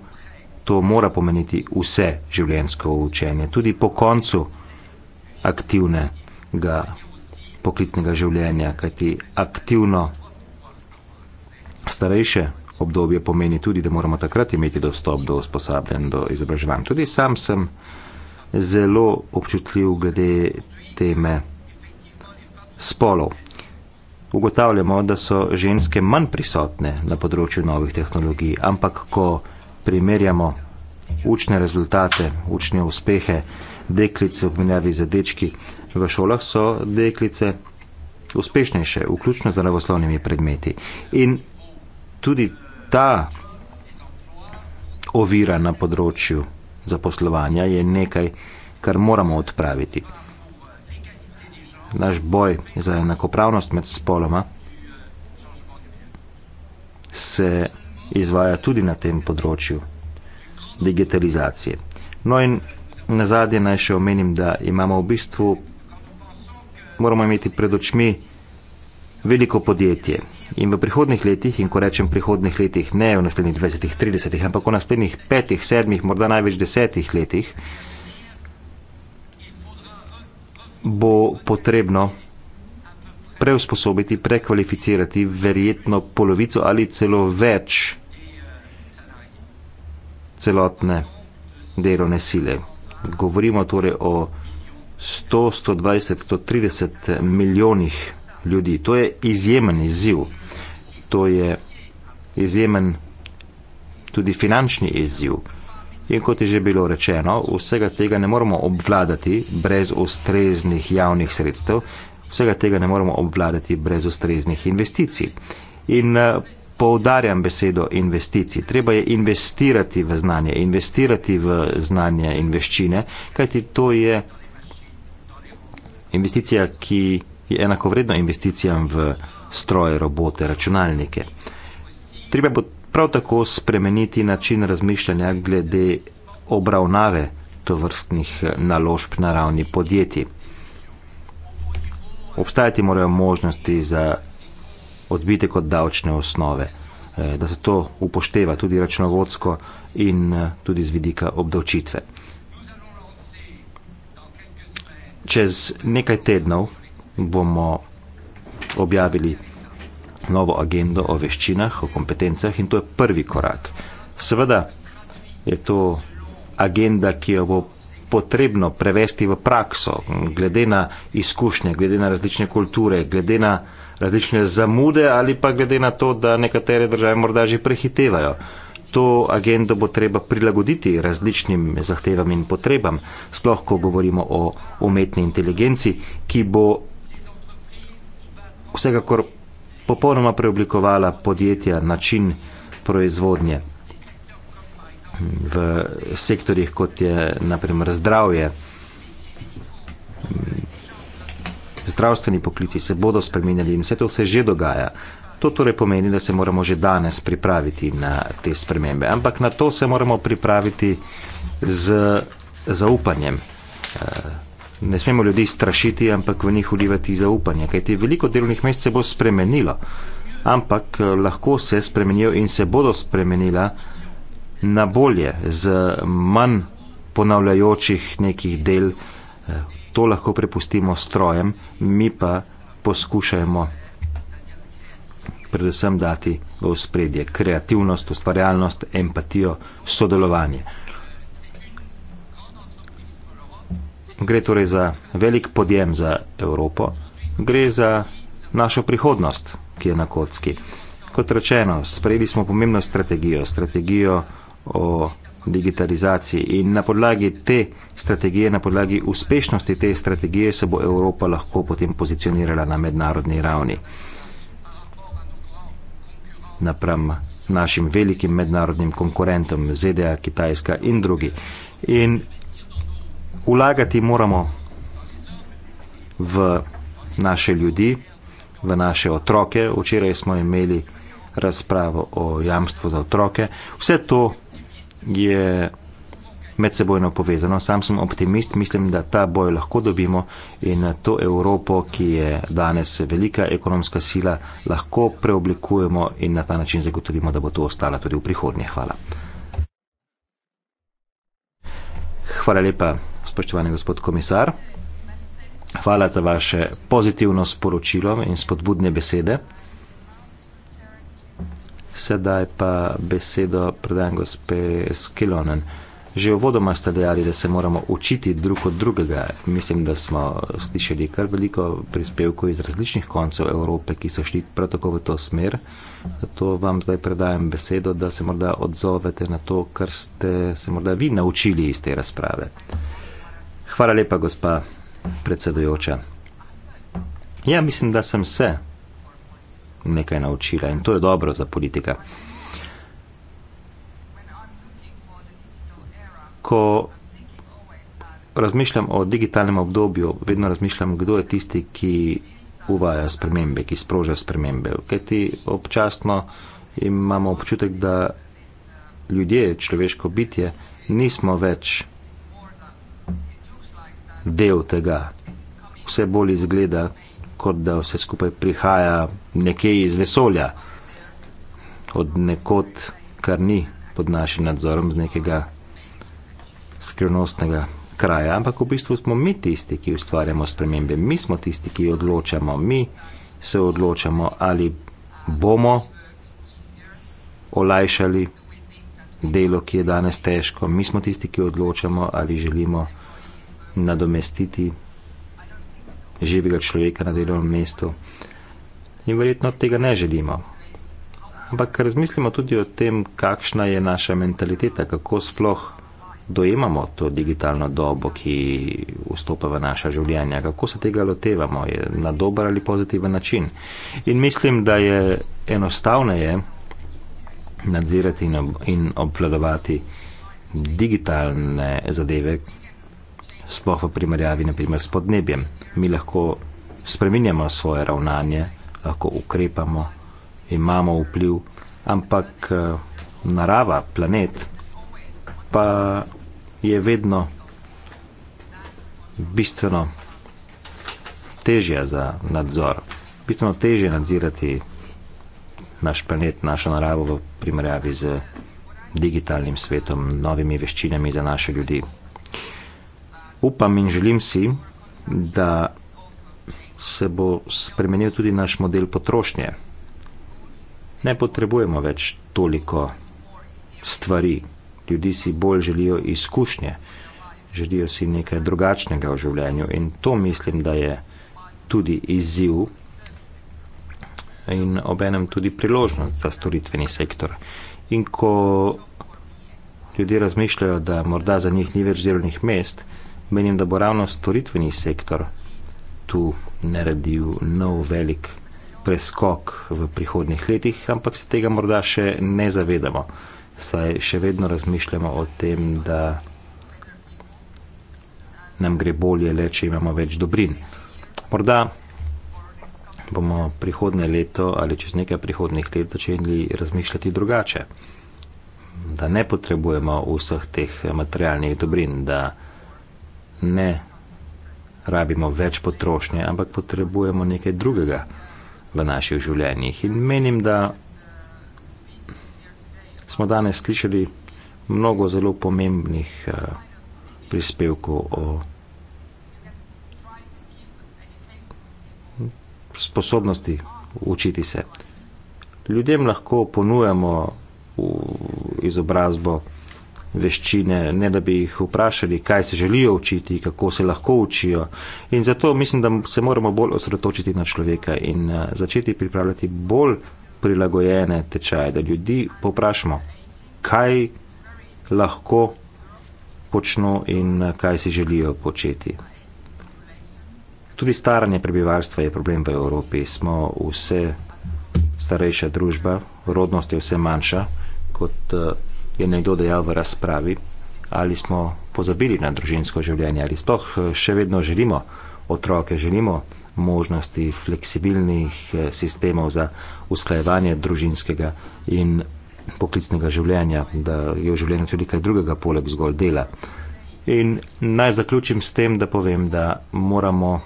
to mora pomeniti vse življenjsko učenje, tudi po koncu aktivnega poklicnega življenja, kajti aktivno starejše obdobje pomeni tudi, da moramo takrat imeti dostop do usposabljanja, do izobraževanja. Tudi sam sem zelo občutljiv glede teme spolov. Ugotavljamo, da so ženske manj prisotne na področju novih tehnologij, ampak ko primerjamo učne rezultate, učne uspehe deklice v obmenjavi za dečki, v šolah so deklice uspešnejše, vključno z naravoslovnimi predmeti. In tudi ta ovira na področju zaposlovanja je nekaj, kar moramo odpraviti. Naš boj za enakopravnost med spoloma se izvaja tudi na tem področju digitalizacije. No in na zadnje naj še omenim, da imamo v bistvu, moramo imeti pred očmi veliko podjetje, In v prihodnih letih, in ko rečem prihodnih letih, ne v naslednjih 20, 30, ampak v naslednjih 5, 7, morda največ 10 letih, bo potrebno preusposobiti, prekvalificirati verjetno polovico ali celo več celotne delovne sile. Govorimo torej o 100, 120, 130 milijonih ljudi. To je izjemen izziv to je izjemen tudi finančni izziv. In kot je že bilo rečeno, vsega tega ne moremo obvladati brez ustreznih javnih sredstev, vsega tega ne moremo obvladati brez ustreznih investicij. In eh, poudarjam besedo investicij. Treba je investirati v znanje, investirati v znanje in veščine, kajti to je investicija, ki je enakovredna investicijam v znanje stroje, robote, računalnike. Treba bo prav tako spremeniti način razmišljanja glede obravnave tovrstnih eh, naložb na ravni podjetij. Obstajati morajo možnosti za odbitek od davčne osnove, eh, da se to upošteva tudi računovodsko in eh, tudi z vidika obdavčitve. Čez nekaj tednov bomo objavili novo agendo o veščinah, o kompetencah in to je prvi korak. Seveda je to agenda, ki jo bo potrebno prevesti v prakso, glede na izkušnje, glede na različne kulture, glede na različne zamude ali pa glede na to, da nekatere države morda že prehitevajo. To agendo bo treba prilagoditi različnim zahtevam in potrebam, sploh ko govorimo o umetni inteligenci, ki bo vsekakor popolnoma preoblikovala podjetja, način proizvodnje v sektorjih, kot je naprimer zdravje. Zdravstveni poklici se bodo spremenili in vse to se že dogaja. To torej pomeni, da se moramo že danes pripraviti na te spremembe. Ampak na to se moramo pripraviti z zaupanjem. Uh, ne smemo ljudi strašiti, ampak v njih ulivati zaupanje, kajti veliko delovnih mest se bo spremenilo, ampak eh, lahko se spremenijo in se bodo spremenila na bolje, z manj ponavljajočih nekih del. Eh, to lahko prepustimo strojem, mi pa poskušajmo predvsem dati v spredje kreativnost, ustvarjalnost, empatijo, sodelovanje. Gre torej za velik podjem za Evropo, gre za našo prihodnost, ki je na kocki. Kot rečeno, sprejeli smo pomembno strategijo, strategijo o digitalizaciji in na podlagi te strategije, na podlagi uspešnosti te strategije se bo Evropa lahko potem pozicionirala na mednarodni ravni. Napram našim velikim mednarodnim konkurentom ZDA, Kitajska in drugi. In Ulagati moramo v naše ljudi, v naše otroke. Včeraj smo imeli razpravo o jamstvu za otroke. Vse to je medsebojno povezano. Sam sem optimist, mislim, da ta boj lahko dobimo in to Evropo, ki je danes velika ekonomska sila, lahko preoblikujemo in na ta način zagotovimo, da bo to ostala tudi v prihodnje. Hvala. Hvala lepa spoštovani gospod komisar. Hvala za vaše pozitivno sporočilo in spodbudne besede. Sedaj pa besedo predajam gospe Skilonen. Že v vodoma ste dejali, da se moramo učiti drug od drugega. Mislim, da smo slišali kar veliko prispevkov iz različnih koncev Evrope, ki so šli prav tako v to smer. Zato vam zdaj predajam besedo, da se morda odzovete na to, kar ste se morda vi naučili iz te razprave. Hvala lepa, gospa predsedujoča. Ja, mislim, da sem se nekaj naučila in to je dobro za politika. Ko razmišljam o digitalnem obdobju, vedno razmišljam, kdo je tisti, ki uvaja spremembe, ki sproža spremembe. Ker ti občasno imamo občutek, da ljudje, človeško bitje, nismo več del tega. Vse bolj izgleda, kot da vse skupaj prihaja nekje iz vesolja, od nekod, kar ni pod našim nadzorom, z nekega skrivnostnega kraja. Ampak v bistvu smo mi tisti, ki ustvarjamo spremembe, mi smo tisti, ki odločamo, mi se odločamo, ali bomo olajšali delo, ki je danes težko, mi smo tisti, ki odločamo, ali želimo nadomestiti živega človeka na delovnem mestu. In verjetno tega ne želimo. Ampak razmislimo tudi o tem, kakšna je naša mentaliteta, kako sploh dojemamo to digitalno dobo, ki vstopa v naša življenja, kako se tega lotevamo, je na dober ali pozitiven način. In mislim, da je enostavneje nadzirati in obvladovati digitalne zadeve, sploh v primerjavi naprimer, s podnebjem. Mi lahko spremenjamo svoje ravnanje, lahko ukrepamo, imamo vpliv, ampak eh, narava, planet, pa je vedno bistveno težja za nadzor. Bistveno težje nadzirati naš planet, našo naravo v primerjavi z digitalnim svetom, novimi veščinami za naše ljudi upam in želim si, da se bo spremenil tudi naš model potrošnje. Ne potrebujemo več toliko stvari. Ljudje si bolj želijo izkušnje, želijo si nekaj drugačnega v življenju in to mislim, da je tudi izziv in obenem tudi priložnost za storitveni sektor. In ko ljudje razmišljajo, da morda za njih ni več delovnih mest, Menim, da bo ravno storitveni sektor tu naredil nov velik preskok v prihodnih letih, ampak se tega morda še ne zavedamo. Saj še vedno razmišljamo o tem, da nam gre bolje le, če imamo več dobrin. Morda bomo prihodne leto ali čez nekaj prihodnih let začeli razmišljati drugače, da ne potrebujemo vseh teh materialnih dobrin, da ne rabimo več potrošnje, ampak potrebujemo nekaj drugega v naših življenjih. In menim, da smo danes slišali mnogo zelo pomembnih eh, prispevkov o sposobnosti učiti se. Ljudem lahko ponujamo izobrazbo, veščine, ne da bi jih vprašali, kaj se želijo učiti, kako se lahko učijo. In zato mislim, da se moramo bolj osredotočiti na človeka in eh, začeti pripravljati bolj prilagojene tečaje, da ljudi poprašamo, kaj lahko počno in eh, kaj si želijo početi. Tudi staranje prebivalstva je problem v Evropi. Smo vse starejša družba, rodnost je vse manjša, kot eh, je nekdo dejal v razpravi, ali smo pozabili na družinsko življenje, ali sploh eh, še vedno želimo otroke, želimo možnosti fleksibilnih eh, sistemov za usklajevanje družinskega in poklicnega življenja, da je v življenju tudi kaj drugega, poleg zgolj dela. In naj zaključim s tem, da povem, da moramo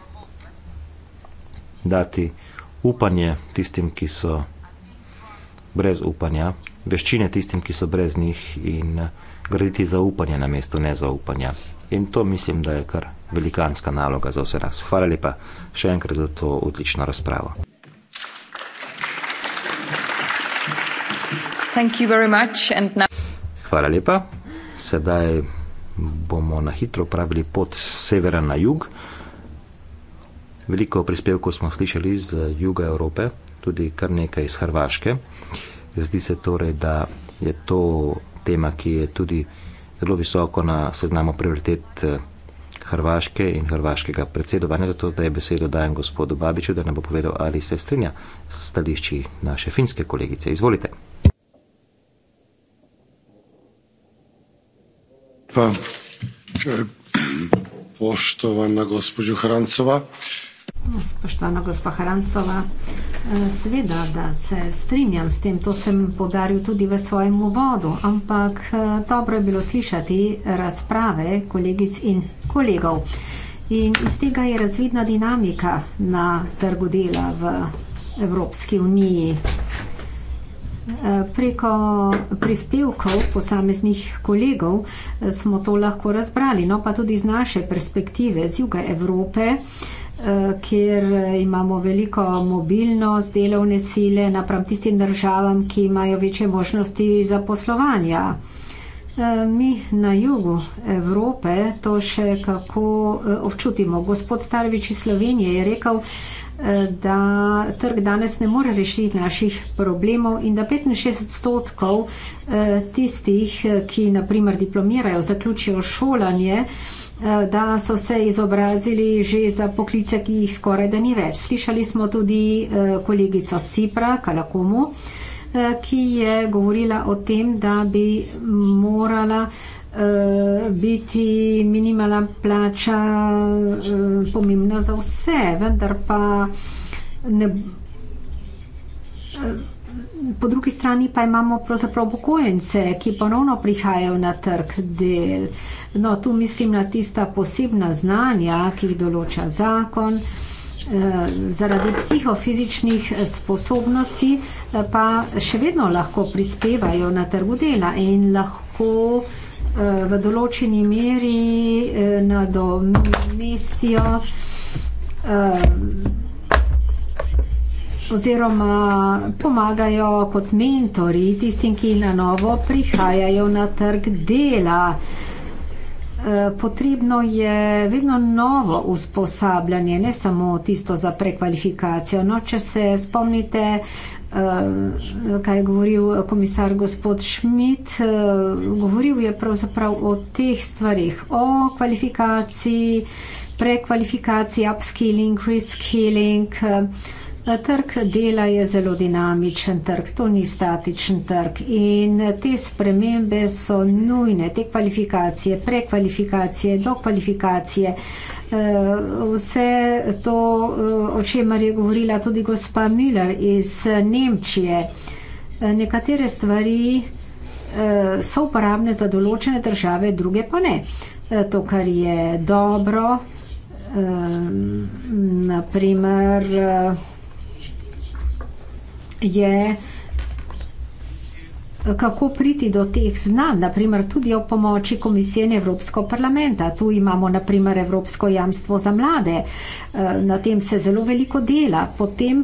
dati upanje tistim, ki so brez upanja, veščine tistim, ki so brez njih in eh, graditi zaupanje na mesto nezaupanja. In to mislim, da je kar velikanska naloga za vse nas. Hvala lepa še enkrat za to odlično razpravo. Hvala lepa. Sedaj bomo na hitro pravili pot z severa na jug. Veliko prispevkov smo slišali z juga Evrope, tudi kar nekaj iz Hrvaške. Zdi se torej, da je to tema, ki je tudi zelo visoko na seznamu prioritet eh, Hrvaške in hrvaškega predsedovanja. Zato zdaj besedo dajem gospodu Babiču, da nam bo povedal, ali se strinja s stališči naše finske kolegice. Izvolite. Pa, eh, poštovana gospođo Hrancova, Spoštovana gospa Harancova, eh, seveda, da se strinjam s tem, to sem podaril tudi v svojem uvodu, ampak eh, dobro je bilo slišati razprave kolegic in kolegov. In iz tega je razvidna dinamika na trgu dela v Evropski uniji. Eh, preko prispevkov posameznih kolegov smo to lahko razbrali, no pa tudi iz naše perspektive z juga Evrope, Eh, kjer eh, imamo veliko mobilnost delovne sile napram tistim državam, ki imajo večje možnosti zaposlovanja. Eh, mi na jugu Evrope to še kako občutimo. Gospod Starvič iz Slovenije je rekel, da trg danes ne more rešiti naših problemov in da 65 odstotkov tistih, ki naprimer diplomirajo, zaključijo šolanje, Eh, da so se izobrazili že za poklice, ki jih skoraj da ni več. Slišali smo tudi eh, kolegico Sipra Kalakomu, eh, ki je govorila o tem, da bi morala biti minimalna plača pomembna za vse, vendar pa ne po drugi strani pa imamo pravzaprav upokojence, ki ponovno prihajajo na trg del. No, tu mislim na tista posebna znanja, ki jih določa zakon. Eh, zaradi psihofizičnih sposobnosti eh, pa še vedno lahko prispevajo na trgu dela in lahko eh, v določeni meri nadomestijo oziroma pomagajo kot mentori tistim, ki na novo prihajajo na trg dela. Eh, potrebno je vedno novo usposabljanje, ne samo tisto za prekvalifikacijo. No, če se spomnite, eh, kaj je govoril komisar gospod Schmidt, eh, govoril je pravzaprav o teh stvarih, o kvalifikaciji, prekvalifikaciji, upskilling, reskilling. Uh, Trg dela je zelo dinamičen trg, to ni statičen trg in te spremembe so nujne, te kvalifikacije, prekvalifikacije, dokvalifikacije. Eh, vse to, eh, o čemer je govorila tudi gospa Müller iz Nemčije, eh, nekatere stvari so uporabne za določene države, druge pa ne. To, kar je dobro, naprimer, je kako priti do teh znanj, naprimer tudi ob pomoči Komisije Evropsko parlamenta. Tu imamo naprimer Evropsko jamstvo za mlade, eh, na tem se zelo veliko dela. Potem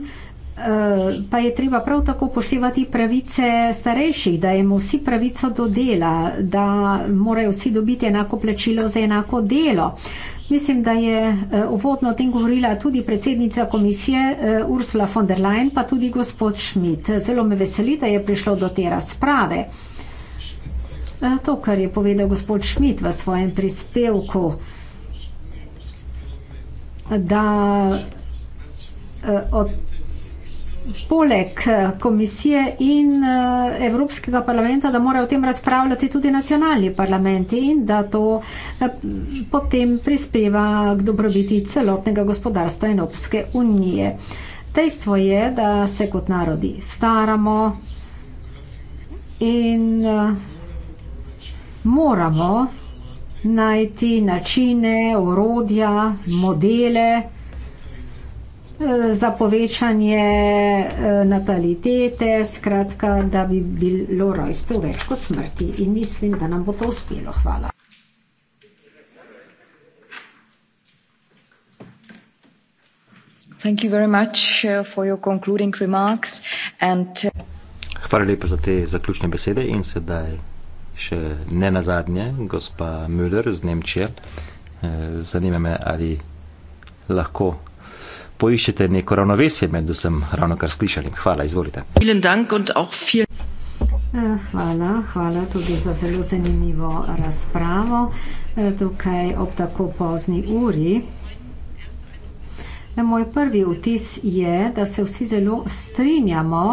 eh, pa je treba prav tako poštevati pravice starejših, da imamo vsi pravico do dela, da morajo vsi dobiti enako plačilo za enako delo. Mislim, da je eh, uvodno o tem govorila tudi predsednica komisije eh, Ursula von der Leyen, pa tudi gospod Schmidt. Zelo me veseli, da je prišlo do te razprave. Eh, to, kar je povedal gospod Schmidt v svojem prispevku, da od poleg eh, komisije in eh, Evropskega parlamenta, da morajo o tem razpravljati tudi nacionalni parlamenti in da to eh, potem prispeva k dobrobiti celotnega gospodarstva Evropske unije. Dejstvo je, da se kot narodi staramo in moramo najti načine, orodja, modele, za povečanje eh, natalitete, skratka, da bi bilo rojstvo več kot smrti. In mislim, da nam bo to uspelo. Hvala. Thank you very much eh, for your concluding remarks. And... Eh, Hvala lepa za te zaključne besede in sedaj še ne nazadnje, gospa Müller z Nemčije. Zanima me, ali lahko poiščete neko ravnovesje med vsem, ravno kar slišali. Hvala, izvolite. Eh, hvala, hvala tudi za zelo zanimivo razpravo eh, tukaj ob tako pozni uri. Eh, moj prvi vtis je, da se vsi zelo strinjamo,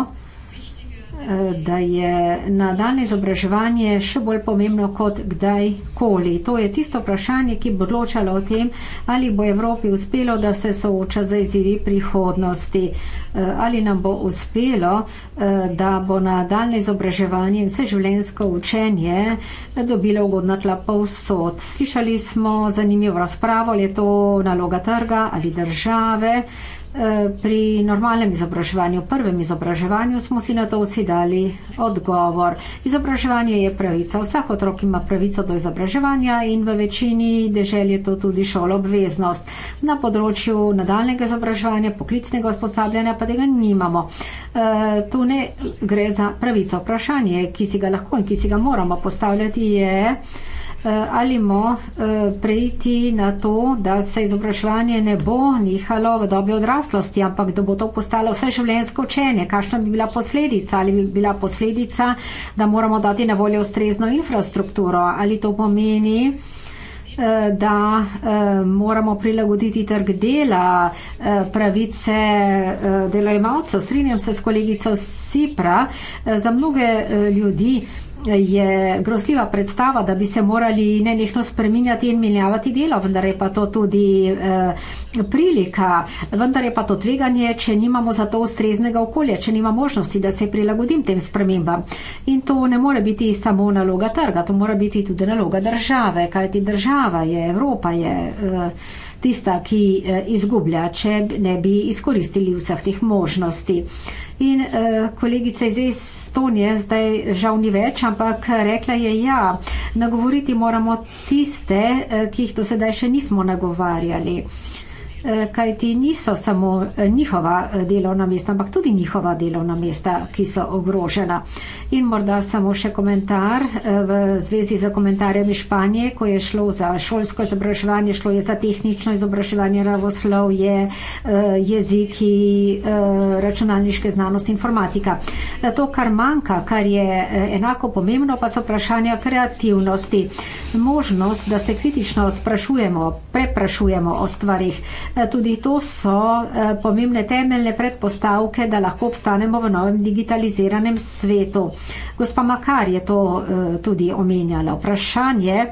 da je nadaljne izobraževanje še bolj pomembno kot kdajkoli. To je tisto vprašanje, ki bo odločalo o tem, ali bo Evropi uspelo, da se sooča za izzivi prihodnosti, eh, ali nam bo uspelo, eh, da bo nadaljne izobraževanje in vse življenjsko učenje eh, dobilo ugodna tla povsod. Slišali smo zanimivo razpravo, ali je to naloga trga ali države. Eh, pri normalnem izobraževanju, prvem izobraževanju, smo si na to vsi dali odgovor. Izobraževanje je pravica. Vsak otrok ima pravico do izobraževanja in v večini dežel je to tudi šolo obveznost. Na področju nadaljnega izobraževanja, poklicnega usposabljanja pa tega nimamo. Eh, tu ne gre za pravico. Vprašanje, ki si ga lahko in ki si ga moramo postavljati je, Eh, ali mo eh, prejiti na to, da se izobraževanje ne bo nihalo v dobi odraslosti, ampak da bo to postalo vse življenjsko učenje. Kakšna bi bila posledica? Ali bi bila posledica, da moramo dati na voljo ustrezno infrastrukturo? Ali to pomeni? Eh, da moramo prilagoditi trg dela, pravice delojemalcev. Srinjam se s kolegico Sipra. Za mnoge ljudi je grozljiva predstava, da bi se morali nenehno spreminjati in menjavati delo, vendar je pa to tudi eh, prilika, vendar je pa to tveganje, če nimamo za to ustreznega okolja, če nima možnosti, da se prilagodim tem spremembam. In to ne more biti samo naloga trga, to mora biti tudi naloga države, kajti država je, Evropa je. Uh, tista, ki e, izgublja, če ne bi izkoristili vseh teh možnosti. In e, kolegica iz Estonije zdaj žal ni več, ampak rekla je, ja, nagovoriti moramo tiste, e, ki jih do sedaj še nismo nagovarjali. Eh, kajti niso samo eh, njihova eh, delovna mesta, ampak tudi njihova delovna mesta, ki so ogrožena. In morda samo še komentar v zvezi z komentarjem iz Španije, ko je šlo za šolsko izobraževanje, šlo je za tehnično izobraževanje, ravoslov je jeziki, računalniške znanosti, informatika. To, kar manjka, kar je enako pomembno, pa so vprašanja kreativnosti. Možnost, da se kritično sprašujemo, preprašujemo o stvarih, Eh, tudi to so eh, pomembne temeljne predpostavke, da lahko obstanemo v novem digitaliziranem svetu. Gospa Makar je to eh, tudi omenjala. Vprašanje,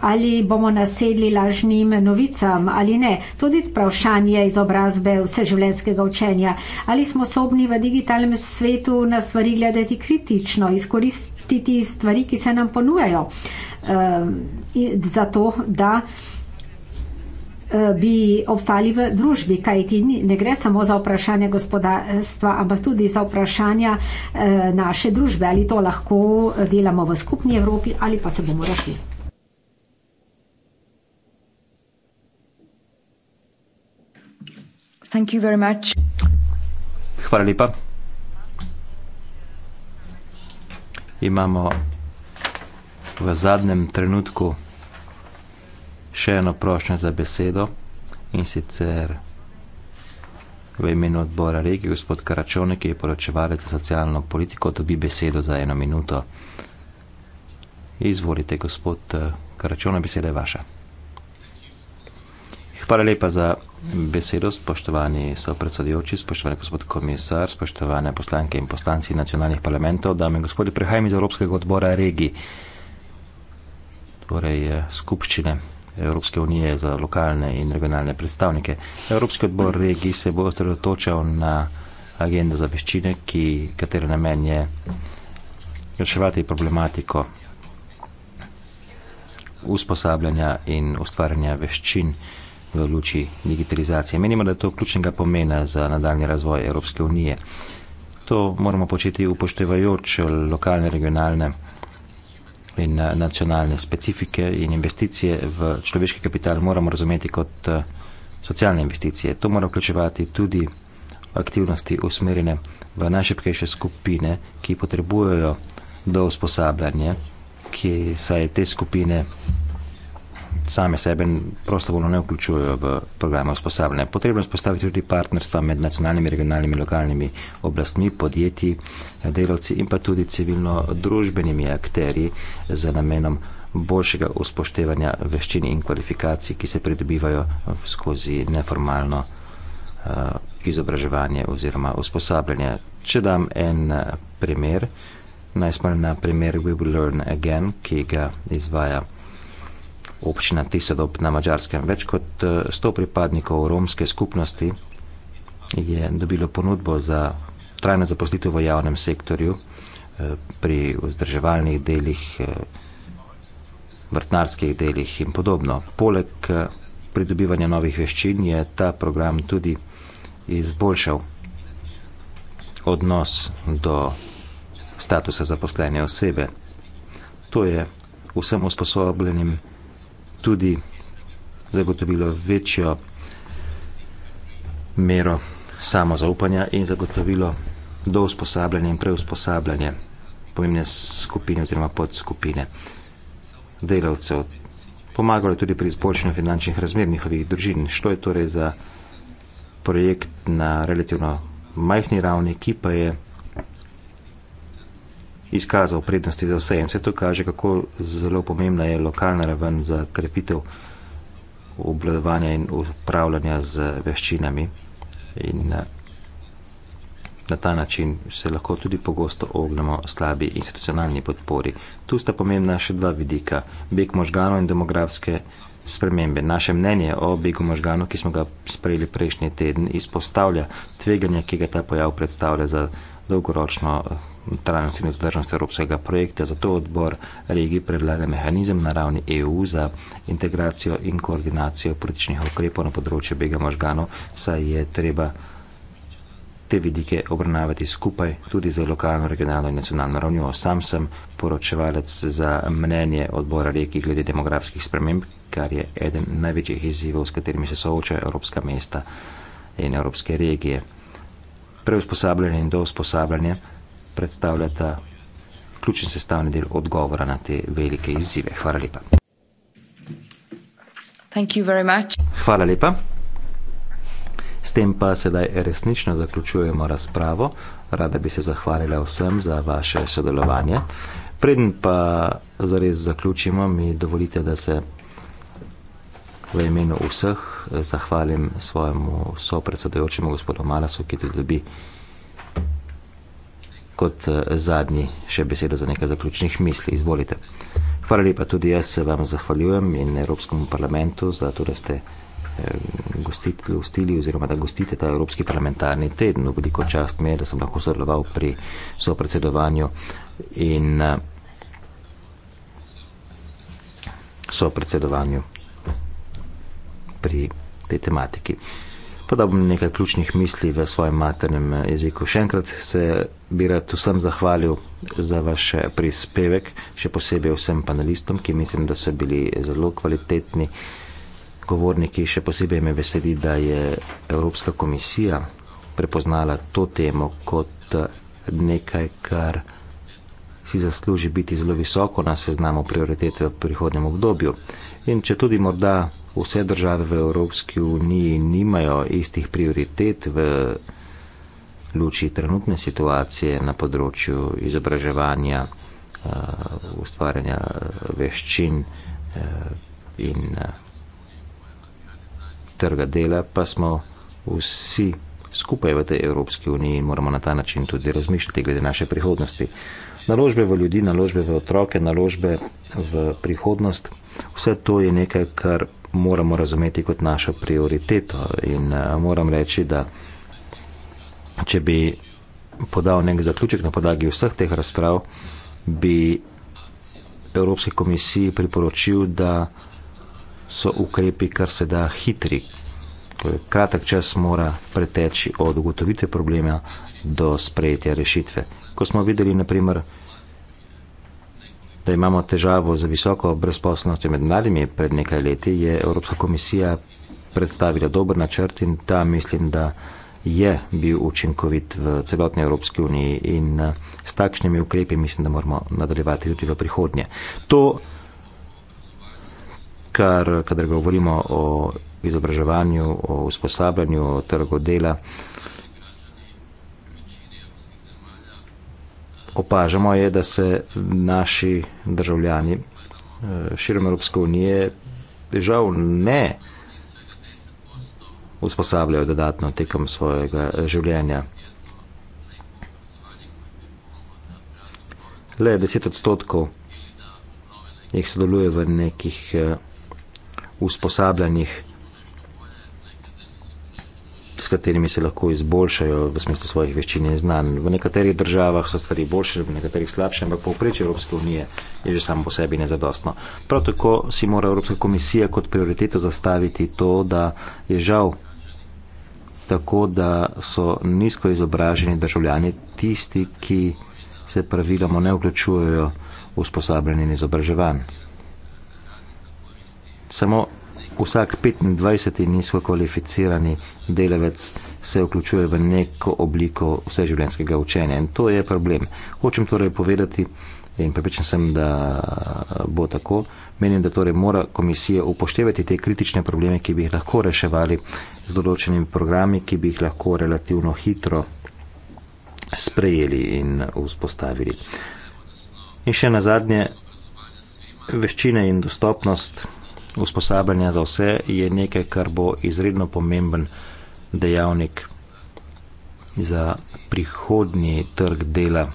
ali bomo nasedli lažnim novicam ali ne. Tudi vprašanje izobrazbe vseživljenjskega učenja. Ali smo sobni v digitalnem svetu na stvari gledati kritično, izkoristiti stvari, ki se nam ponujajo. Zato, da bi obstali v družbi, kajti ne gre samo za vprašanje gospodarstva, ampak tudi za vprašanja eh, naše družbe, ali to lahko delamo v skupni Evropi ali pa se bomo rašli. Thank you very much. Hvala lepa. Imamo v zadnjem trenutku še eno prošnjo za besedo in sicer v imenu odbora regije gospod Karačone, ki je poročevalec za socialno politiko, dobi besedo za eno minuto. Izvolite, gospod eh, Karačone, beseda je vaša. Hvala lepa za besedo, spoštovani sopredsedujoči, spoštovani gospod komisar, spoštovane poslanke in poslanci nacionalnih parlamentov, dame in gospodje, prihajam iz Evropskega odbora regij, torej eh, skupščine Evropske unije za lokalne in regionalne predstavnike. Evropski odbor regij se bo osredotočal na agendo za veščine, ki, katere namen je reševati problematiko usposabljanja in ustvarjanja veščin v luči digitalizacije. Menimo, da je to ključnega pomena za nadaljni razvoj Evropske unije. To moramo početi upoštevajoč lokalne, regionalne predstavnike in eh, nacionalne specifike in investicije v človeški kapital moramo razumeti kot eh, socialne investicije. To mora vključevati tudi aktivnosti usmerjene v najšepkejše skupine, ki potrebujejo do usposabljanja, ki saj te skupine same sebe prostovoljno ne vključujejo v programe usposabljanja. Potrebno je spostaviti tudi partnerstva med nacionalnimi, regionalnimi, lokalnimi oblastmi, podjetji, delavci in pa tudi civilno družbenimi akteri z namenom boljšega uspoštevanja veščin in kvalifikacij, ki se pridobivajo skozi neformalno uh, izobraževanje oziroma usposabljanje. Če dam en eh, primer, najsmal na primer We Will Learn Again, ki ga izvaja Občina Tisadop na Mačarskem. Več kot 100 eh, pripadnikov romske skupnosti je dobilo ponudbo za trajno zaposlitev v javnem sektorju eh, pri vzdrževalnih delih, eh, vrtnarskih delih in podobno. Poleg pridobivanja novih veščin je ta program tudi izboljšal odnos do statusa zaposlene osebe. To je vsem usposobljenim tudi zagotovilo večjo mero samozaupanja in zagotovilo do usposabljanja in preusposabljanja pomembne skupine oziroma podskupine delavcev. Pomagalo je tudi pri izboljšanju finančnih razmer njihovih družin. Što je torej za projekt na relativno majhni ravni, ki pa je izkazal prednosti za vse. In vse to kaže, kako zelo pomembna je lokalna raven za krepitev obladovanja in upravljanja z veščinami. In eh, na ta način se lahko tudi pogosto ognemo slabi institucionalni podpori. Tu sta pomembna še dva vidika: beg možganov in demografske. Spremembe. Naše mnenje o begu možganov, ki smo ga sprejeli prejšnji teden, izpostavlja tveganje, ki ga ta pojav predstavlja za dolgoročno eh, trajnost in vzdržnost evropskega projekta. Zato odbor regij predlaga mehanizem na ravni EU za integracijo in koordinacijo političnih ukrepov na področju bega možganov, saj je treba te vidike obravnavati skupaj tudi za lokalno, regionalno in nacionalno ravnjo. Sam sem poročevalec za mnenje odbora regij glede demografskih sprememb, kar je eden največjih izzivov, s katerimi se soočajo evropska mesta in evropske regije preusposabljanje in dousposabljanje predstavljata ključen sestavni del odgovora na te velike izzive. Hvala lepa. Thank you very much. Hvala lepa. S tem pa sedaj resnično zaključujemo razpravo. Rada bi se zahvalila vsem za vaše sodelovanje. Preden pa zares zaključimo, mi dovolite, da se v imenu vseh zahvalim svojemu sopredsedujočemu gospodu Malasu, ki tudi dobi kot eh, zadnji še besedo za nekaj zaključnih misli. Izvolite. Hvala lepa, tudi jaz se vam zahvaljujem in Evropskemu parlamentu za to, da ste eh, gostili, gostili oziroma da gostite ta Evropski parlamentarni teden. Veliko čast mi je, da sem lahko sodeloval pri sopredsedovanju in eh, sopredsedovanju pri tej tematiki. Pa da bom nekaj ključnih misli v svojem maternem eh, jeziku. Še enkrat se bi rad vsem zahvalil za vaš eh, prispevek, še posebej vsem panelistom, ki mislim, da so bili zelo kvalitetni govorniki. Še posebej me veseli, da je Evropska komisija prepoznala to temo kot eh, nekaj, kar si zasluži biti zelo visoko na seznamu prioritet v prihodnem obdobju. In če tudi morda vse države v Evropski uniji nimajo istih prioritet v luči trenutne situacije na področju izobraževanja, eh, ustvarjanja eh, veščin eh, in trga dela, pa smo vsi skupaj v tej Evropski uniji in moramo na ta način tudi razmišljati glede naše prihodnosti. Naložbe v ljudi, naložbe v otroke, naložbe v prihodnost, vse to je nekaj, kar moramo razumeti kot našo prioriteto. In eh, moram reči, da če bi podal nek zaključek na podlagi vseh teh razprav, bi Evropski komisiji priporočil, da so ukrepi kar se da hitri. Kratek čas mora preteči od ugotovitve problema do sprejetja rešitve. Ko smo videli, naprimer, da imamo težavo z visoko brezposobnostjo med mladimi pred nekaj leti, je Evropska komisija predstavila dober načrt in ta mislim, da je bil učinkovit v celotni Evropski uniji in eh, s takšnimi ukrepi mislim, da moramo nadaljevati tudi v prihodnje. To, kar, kadar govorimo o izobraževanju, o usposabljanju, o trgu dela, opažamo je, da se naši državljani eh, širom Evropske unije žal ne usposabljajo dodatno tekom svojega eh, življenja. Le 10 odstotkov jih sodeluje v nekih eh, usposabljanjih. Uh, katerimi se lahko izboljšajo v smislu svojih veščin in znanj. V nekaterih državah so stvari boljše, v nekaterih slabše, ampak povprečje Evropske unije je že samo po sebi nezadostno. Prav tako si mora Evropska komisija kot prioriteto zastaviti to, da je žal tako, da so nizko izobraženi državljani tisti, ki se praviloma ne vključujejo v usposabljanje in izobraževanje. Samo vsak 25. nizko kvalificirani delavec se vključuje v neko obliko vseživljenjskega učenja in to je problem. Hočem torej povedati in prepričan sem, da bo tako. Menim, da torej mora komisija upoštevati te kritične probleme, ki bi jih lahko reševali z določenimi programi, ki bi jih lahko relativno hitro sprejeli in vzpostavili. In še na zadnje, veščine in dostopnost usposabljanja za vse je nekaj, kar bo izredno pomemben dejavnik za prihodnji trg dela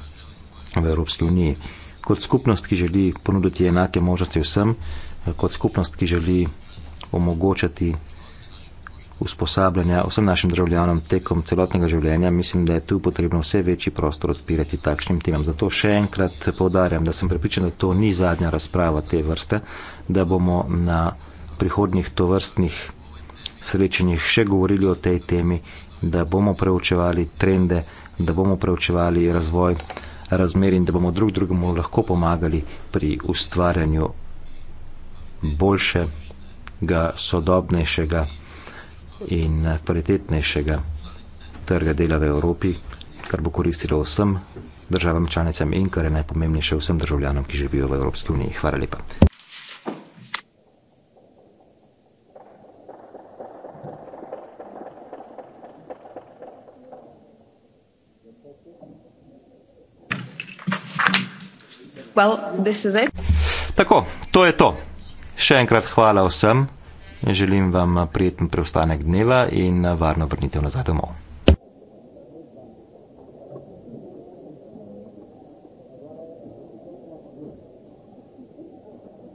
v Evropski uniji. Kot skupnost, ki želi ponuditi enake možnosti vsem, kot skupnost, ki želi omogočati usposabljanja vsem našim državljanom tekom celotnega življenja, mislim, da je tu potrebno vse večji prostor odpirati takšnim timam. Zato še enkrat povdarjam, da sem prepričan, da to ni zadnja razprava te vrste, da bomo na prihodnih tovrstnih srečanjih še govorili o tej temi, da bomo preučevali trende, da bomo preučevali razvoj razmer in da bomo drug drugemu lahko pomagali pri ustvarjanju boljšega, sodobnejšega in kvalitetnejšega trga dela v Evropi, kar bo koristilo vsem državam članicam in kar je najpomembnejše vsem državljanom, ki živijo v Evropski uniji. Hvala lepa. Well, Tako, to je to. Še enkrat hvala vsem in želim vam prijeten preostanek dneva in varno vrnitev nazaj domov.